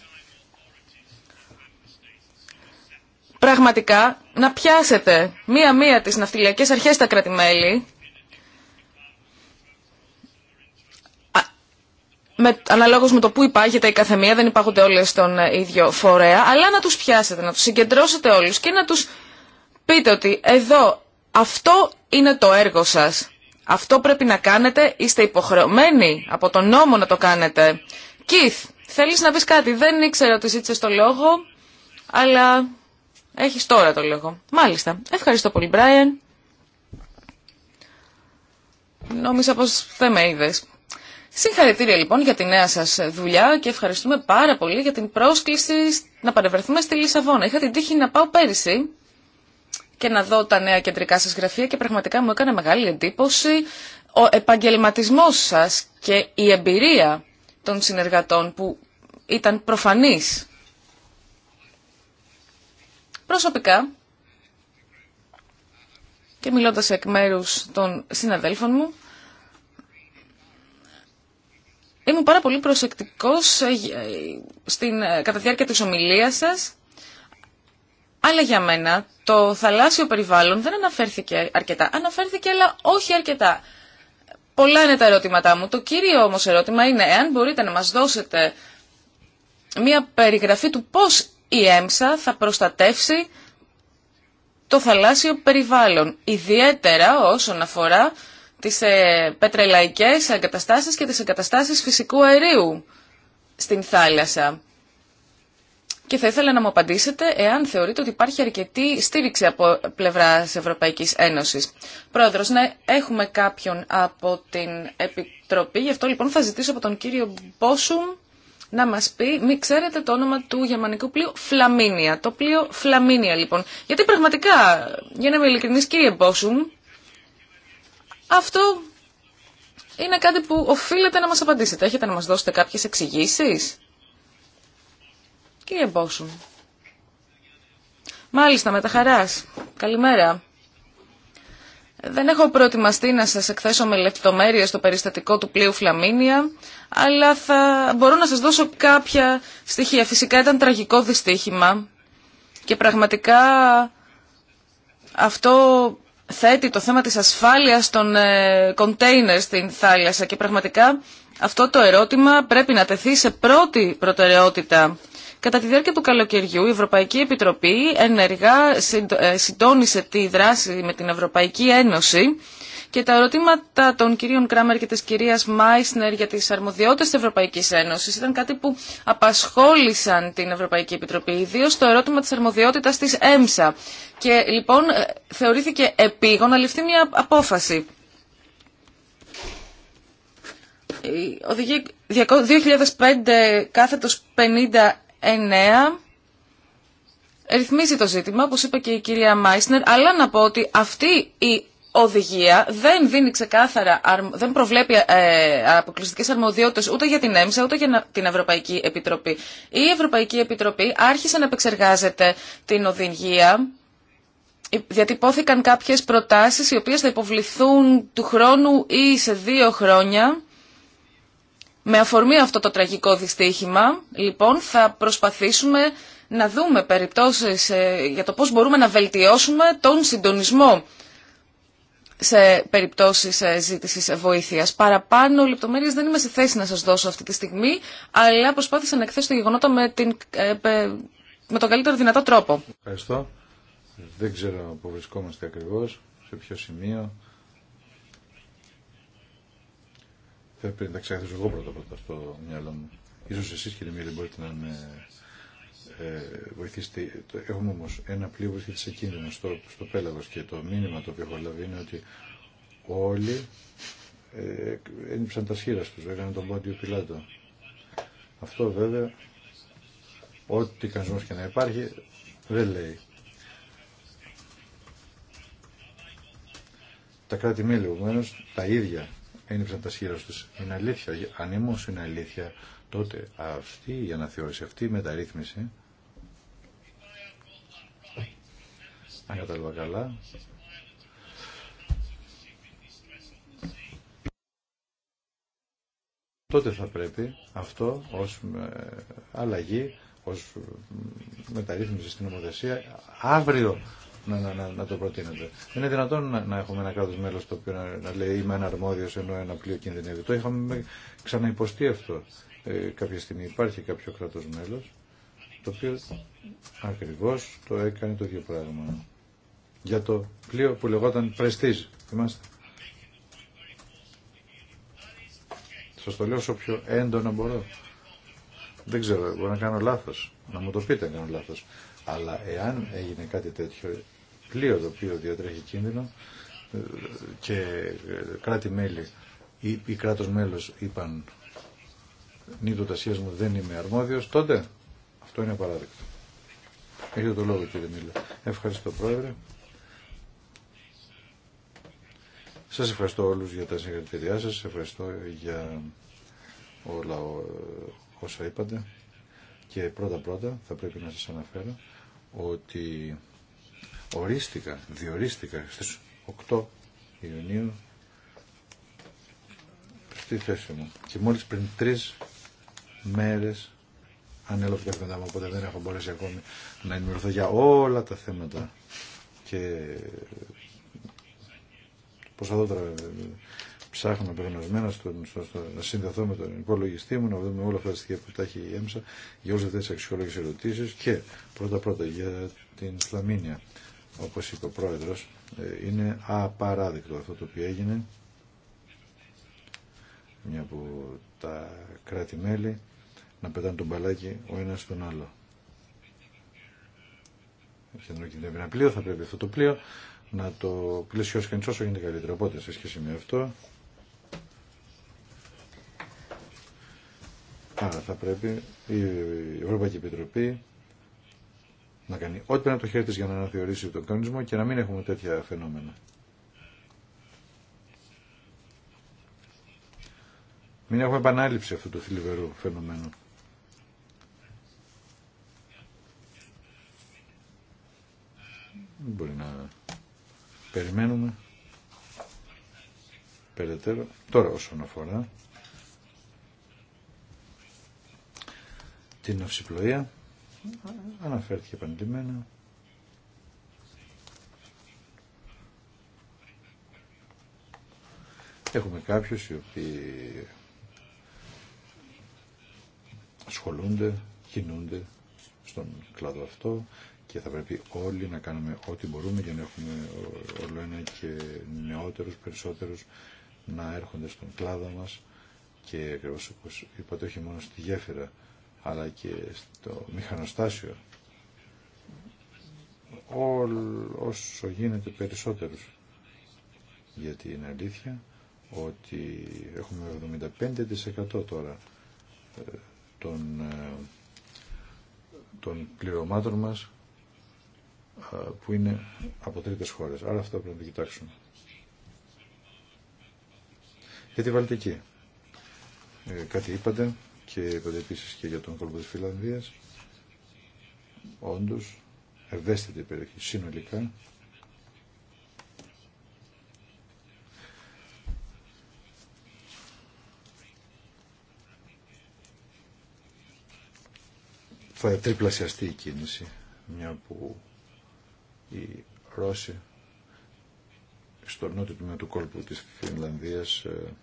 πραγματικά να πιάσετε μία-μία τις ναυτιλιακές αρχές στα κρατημέλη με, αναλόγως με το που υπάγεται η καθεμία, δεν υπάγονται όλες στον ε, ίδιο φορέα, αλλά να τους πιάσετε, να τους συγκεντρώσετε όλους και να τους πείτε ότι εδώ αυτό είναι το έργο σας. Αυτό πρέπει να κάνετε, είστε υποχρεωμένοι από τον νόμο να το κάνετε. Κιθ, θέλεις να πεις κάτι, δεν ήξερα ότι ζήτησε το λόγο, αλλά έχεις τώρα το λόγο. Μάλιστα, ευχαριστώ πολύ Μπράιεν. Νόμισα πως δεν με είδες. Συγχαρητήρια λοιπόν για τη νέα σας δουλειά και ευχαριστούμε πάρα πολύ για την πρόσκληση να παρευρεθούμε στη Λισαβόνα. Είχα την τύχη να πάω πέρυσι και να δω τα νέα κεντρικά σας γραφεία και πραγματικά μου έκανε μεγάλη εντύπωση ο επαγγελματισμός σας και η εμπειρία των συνεργατών που ήταν προφανής. Προσωπικά και μιλώντας εκ μέρους των συναδέλφων μου, ήμουν πάρα πολύ προσεκτικός ε, ε, στην, ε, κατά τη διάρκεια της ομιλίας σας, αλλά για μένα το θαλάσσιο περιβάλλον δεν αναφέρθηκε αρκετά. Αναφέρθηκε αλλά όχι αρκετά. Πολλά είναι τα ερωτήματά μου. Το κύριο όμως ερώτημα είναι εάν μπορείτε να μας δώσετε μία περιγραφή του πώς η ΕΜΣΑ θα προστατεύσει το θαλάσσιο περιβάλλον, ιδιαίτερα όσον αφορά τις ε, πετρελαϊκές εγκαταστάσεις και τις εγκαταστάσεις φυσικού αερίου στην θάλασσα. Και θα ήθελα να μου απαντήσετε εάν θεωρείτε ότι υπάρχει αρκετή στήριξη από πλευρά Ευρωπαϊκή Ένωση. Πρόεδρο, ναι, έχουμε κάποιον από την Επιτροπή. Γι' αυτό λοιπόν θα ζητήσω από τον κύριο Μπόσουμ να μα πει, μη ξέρετε το όνομα του γερμανικού πλοίου Φλαμίνια. Το πλοίο Φλαμίνια λοιπόν. Γιατί πραγματικά, για να είμαι ειλικρινή, κύριε Μπόσουμ, αυτό είναι κάτι που οφείλετε να μα απαντήσετε. Έχετε να μα δώσετε κάποιε εξηγήσει. Κύριε Μάλιστα, με τα χαράς. Καλημέρα. Δεν έχω προετοιμαστεί να σας εκθέσω με λεπτομέρειες το περιστατικό του πλοίου Φλαμίνια, αλλά θα μπορώ να σας δώσω κάποια στοιχεία. Φυσικά ήταν τραγικό δυστύχημα και πραγματικά αυτό θέτει το θέμα της ασφάλειας των ε, κοντέινερ στην θάλασσα και πραγματικά αυτό το ερώτημα πρέπει να τεθεί σε πρώτη προτεραιότητα Κατά τη διάρκεια του καλοκαιριού η Ευρωπαϊκή Επιτροπή ενεργά ε, συντόνισε τη δράση με την Ευρωπαϊκή Ένωση και τα ερωτήματα των κυρίων Κράμερ και της κυρίας Μάισνερ για τις αρμοδιότητες της Ευρωπαϊκής Ένωσης ήταν κάτι που απασχόλησαν την Ευρωπαϊκή Επιτροπή, ιδίως το ερώτημα της αρμοδιότητας της ΕΜΣΑ. Και λοιπόν ε, θεωρήθηκε επίγον να ληφθεί μια απόφαση. Οδηγεί 2005 κάθετος 9 ρυθμίζει το ζήτημα, όπως είπε και η κυρία Μάισνερ, αλλά να πω ότι αυτή η οδηγία δεν δίνει ξεκάθαρα, δεν προβλέπει ε, αποκλειστικέ αρμοδιότητε ούτε για την ΕΜΣΑ ούτε για την Ευρωπαϊκή Επιτροπή. Η Ευρωπαϊκή Επιτροπή άρχισε να επεξεργάζεται την οδηγία. Διατυπώθηκαν κάποιες προτάσεις οι οποίες θα υποβληθούν του χρόνου ή σε δύο χρόνια με αφορμή αυτό το τραγικό δυστύχημα, λοιπόν, θα προσπαθήσουμε να δούμε περιπτώσεις ε, για το πώς μπορούμε να βελτιώσουμε τον συντονισμό σε περιπτώσεις ε, ζήτησης ε, βοήθειας. Παραπάνω λεπτομέρειες δεν είμαι σε θέση να σας δώσω αυτή τη στιγμή, αλλά προσπάθησα να εκθέσω το γεγονότα με, την, με τον καλύτερο δυνατό τρόπο. Ευχαριστώ. Δεν ξέρω που βρισκόμαστε ακριβώς, σε ποιο σημείο. Θα πρέπει να ξεκαθαρίσω εγώ πρώτα πρώτα στο μυαλό μου. Ίσως εσείς κύριε Μίλη, μπορείτε να με ε, βοηθήσετε. Έχουμε όμως ένα πλοίο που βρίσκεται σε κίνδυνο στο, στο πέλαγος και το μήνυμα το οποίο έχω λάβει είναι ότι όλοι ε, ένιψαν τα σχήρα του έκαναν τον πόντιο πιλάτο. Αυτό βέβαια, ό,τι κανονισμός και να υπάρχει, δεν λέει. Τα κράτη-μέλη, τα ίδια ένυψαν τα σχήρα τους. Είναι αλήθεια. Αν όμω είναι αλήθεια, τότε αυτή η αναθεώρηση, αυτή η μεταρρύθμιση, αν κατάλαβα καλά, τότε θα πρέπει αυτό ως ε, αλλαγή, ως μεταρρύθμιση στην νομοθεσία αύριο να, να, να, το προτείνετε. είναι δυνατόν να, έχουμε ένα κράτο μέλο το οποίο να, να λέει είμαι αρμόδιο ενώ ένα πλοίο κινδυνεύει. Το είχαμε ξαναυποστεί αυτό. Ε, κάποια στιγμή υπάρχει κάποιο κράτο μέλο το οποίο ακριβώ το έκανε το ίδιο πράγμα. Για το πλοίο που λεγόταν Prestige. Θυμάστε. Σα το λέω όσο πιο έντονα μπορώ. Δεν ξέρω, μπορεί να κάνω λάθο. Να μου το πείτε αν κάνω λάθο. Αλλά εάν έγινε κάτι τέτοιο, πλοίο το οποίο διατρέχει κίνδυνο ε, και ε, κράτη-μέλη ή, ή κράτος μέλος είπαν η τασίας μου δεν είμαι αρμόδιος, τότε αυτό είναι απαράδεκτο. Έχετε το λόγο κύριε Μίλα. Ευχαριστώ πρόεδρε. Σας ευχαριστώ όλους για τα συγχαρητήριά σας, ευχαριστώ για όλα όσα είπατε και πρώτα πρώτα θα πρέπει να σας αναφέρω ότι ορίστηκα, διορίστηκα στις 8 Ιουνίου στη θέση μου και μόλις πριν τρεις μέρες ανέλαβε τα μου, οπότε δεν έχω μπορέσει ακόμη να ενημερωθώ για όλα τα θέματα και δω τώρα ψάχνω περνασμένα στο, να συνδεθώ με τον υπολογιστή μου, να δούμε όλα αυτά τα στοιχεία που τα έχει η ΕΜΣΑ για όλε αυτές τι αξιολόγες ερωτήσει και πρώτα πρώτα για την Φλαμίνια όπως είπε ο πρόεδρος, ε, είναι απαράδεκτο αυτό το οποίο έγινε, μια που τα κράτη-μέλη να πετάνε τον μπαλάκι ο ένας στον άλλο. Δεν ένα πλοίο, θα πρέπει αυτό το πλοίο να το πλησιώσει κανείς όσο γίνεται καλύτερα. Οπότε σε σχέση με αυτό, άρα θα πρέπει η Ευρωπαϊκή Επιτροπή να κάνει ό,τι πρέπει να το χέρι για να αναθεωρήσει τον κανονισμό και να μην έχουμε τέτοια φαινόμενα. Μην έχουμε επανάληψη αυτού του θλιβερού φαινομένου. μπορεί να περιμένουμε περαιτέρω. Τώρα όσον αφορά την αυσιπλοεία αναφέρθηκε επανειλημμένα. Έχουμε κάποιους οι οποίοι ασχολούνται, κινούνται στον κλάδο αυτό και θα πρέπει όλοι να κάνουμε ό,τι μπορούμε για να έχουμε όλο ένα και νεότερους, περισσότερους να έρχονται στον κλάδο μας και ακριβώς όπως είπατε όχι μόνο στη γέφυρα αλλά και στο μηχανοστάσιο ό, όσο γίνεται περισσότερους γιατί είναι αλήθεια ότι έχουμε 75% τώρα ε, των, ε, των πληρωμάτων μας ε, που είναι από τρίτες χώρες. Άρα αυτό πρέπει να το κοιτάξουμε. Γιατί βάλετε εκεί. κάτι είπατε και είπατε επίσης και για τον κόλπο της Φιλανδίας. Όντως, ευαίσθητη περιοχή συνολικά. Θα τριπλασιαστεί η κίνηση, μια που οι Ρώσοι στο νότιο του κόλπου της Φιλανδίας... Ε,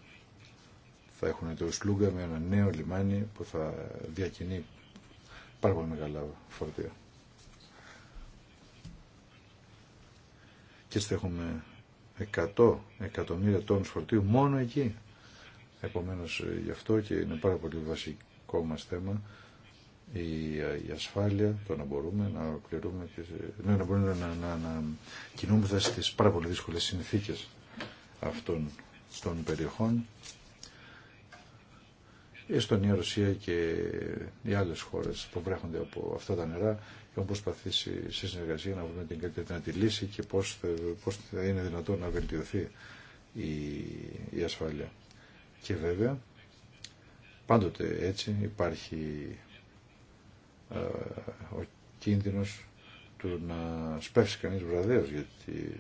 θα έχουν το Σλούγκα με ένα νέο λιμάνι που θα διακινεί πάρα πολύ μεγάλα φορτία. Και έτσι έχουμε 100 εκατομμύρια τόνους φορτίου μόνο εκεί. Επομένως γι' αυτό και είναι πάρα πολύ βασικό μας θέμα η, η ασφάλεια, το να μπορούμε να ολοκληρούμε και ναι, να μπορούμε να, να, να κινούμεθα στις πάρα πολύ δύσκολες συνθήκες αυτών των περιοχών η Εστονία, Ρωσία και οι άλλες χώρες που βρέχονται από αυτά τα νερά έχουν προσπαθήσει σε συνεργασία να βρούμε την καλύτερη δυνατή λύση και πώς θα, θα είναι δυνατόν να βελτιωθεί η, η ασφάλεια. Και βέβαια, πάντοτε έτσι υπάρχει ε, ο κίνδυνος του να σπεύσει κανείς βραδέως, γιατί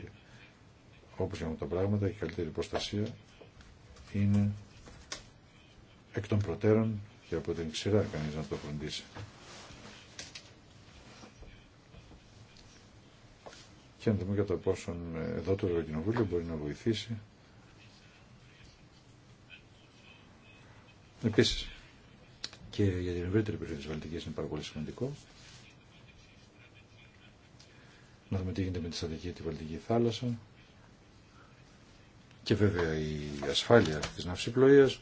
όπως με τα πράγματα, η καλύτερη προστασία είναι εκ των προτέρων και από την ξηρά κανείς να το φροντίσει. Και να δούμε το πόσον εδώ το Ευρωκοινοβούλιο μπορεί να βοηθήσει. Επίσης, και για την ευρύτερη περιοχή της Βαλτικής είναι πάρα πολύ σημαντικό. Να δούμε τι γίνεται με τη στρατηγική τη Βαλτική θάλασσα. Και βέβαια η ασφάλεια της ναυσιπλοείας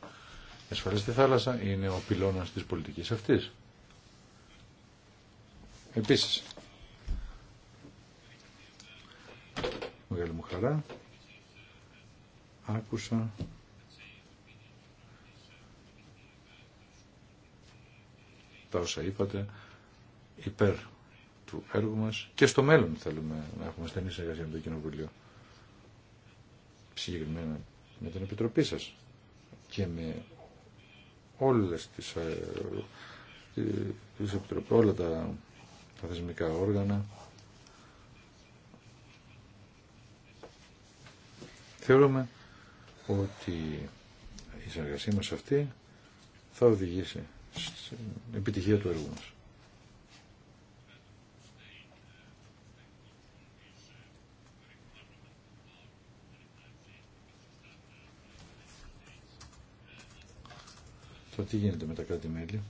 ασφαλή στη θάλασσα είναι ο πυλώνας της πολιτικής αυτής. Επίσης, μεγάλη μου χαρά, άκουσα τα όσα είπατε υπέρ του έργου μας και στο μέλλον θέλουμε να έχουμε στενή συνεργασία με το Κοινοβουλίο συγκεκριμένα με την Επιτροπή σας και με όλες τις, ε, ε, τις επιτροπές, όλα τα, τα θεσμικά όργανα. Θεωρούμε ότι η συνεργασία μας αυτή θα οδηγήσει στην επιτυχία του έργου μας. το τι γίνεται με τα κράτη-μέλη.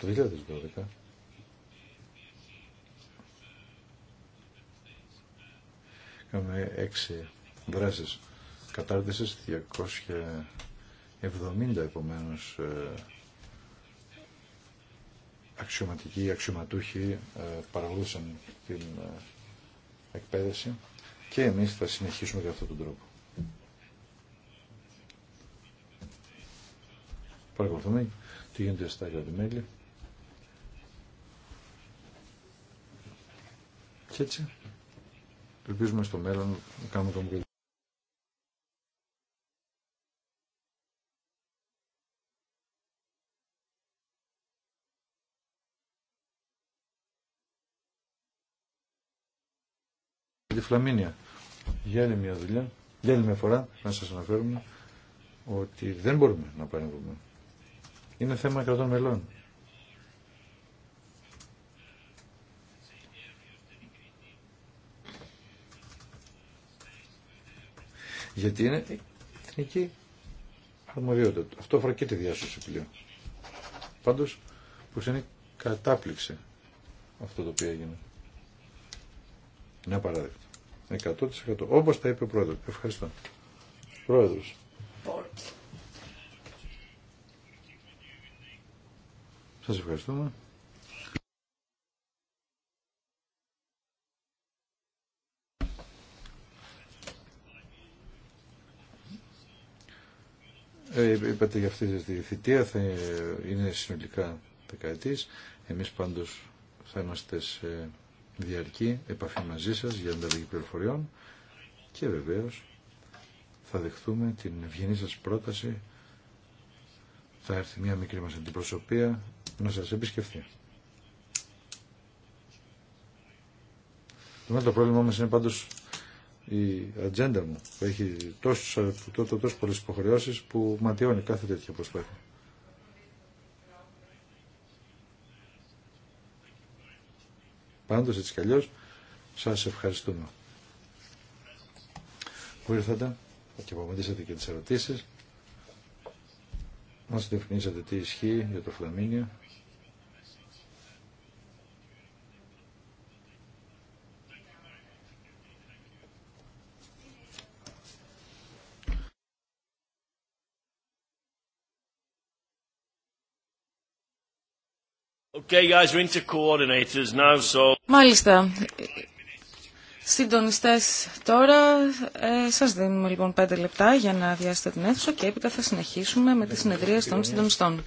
Το 2012 Είχαμε έξι δράσεις κατάρτισης, 270 επομένως ε, αξιωματικοί, αξιωματούχοι ε, παραγούσαν την ε, εκπαίδευση και εμείς θα συνεχίσουμε για αυτόν τον τρόπο. παρακολουθούμε τι γίνεται στα κρατημέλη. Και έτσι ελπίζουμε στο μέλλον να κάνουμε το μικρό. Τη Φλαμίνια. Για άλλη μια δουλειά, για άλλη μια φορά να σας αναφέρουμε ότι δεν μπορούμε να παρεμβούμε. Είναι θέμα κρατών μελών. Γιατί είναι εθνική αρμοδιότητα. Αυτό αφορά και τη διάσωση πλέον. Πάντως, που είναι κατάπληξη αυτό το οποίο έγινε. Είναι απαράδεκτο. 100% όπως τα είπε ο Πρόεδρος. Ευχαριστώ. Πρόεδρος. Σας ευχαριστούμε. Ε, είπατε για αυτή τη θητεία θα είναι συνολικά δεκαετής. Εμείς πάντως θα είμαστε σε διαρκή επαφή μαζί σας για ανταλλαγή πληροφοριών και βεβαίως θα δεχθούμε την ευγενή σας πρόταση. Θα έρθει μια μικρή μας αντιπροσωπεία να σας επισκεφθεί. Ναι, το πρόβλημά μας είναι πάντως η ατζέντα μου που έχει τόσο, τόσο, τόσο πολλές υποχρεώσεις που ματιώνει κάθε τέτοια προσπάθεια. Πάντως έτσι κι αλλιώς σας ευχαριστούμε που ήρθατε και απομαντήσατε και τις ερωτήσεις μας διευκρινίσατε τι ισχύει για το Φλαμίνιο Μάλιστα. συντονιστέ, τώρα, ε, σας δίνουμε λοιπόν πέντε λεπτά για να αδειάσετε την αίθουσα και έπειτα θα συνεχίσουμε με τι συνεδρία των συντονιστών.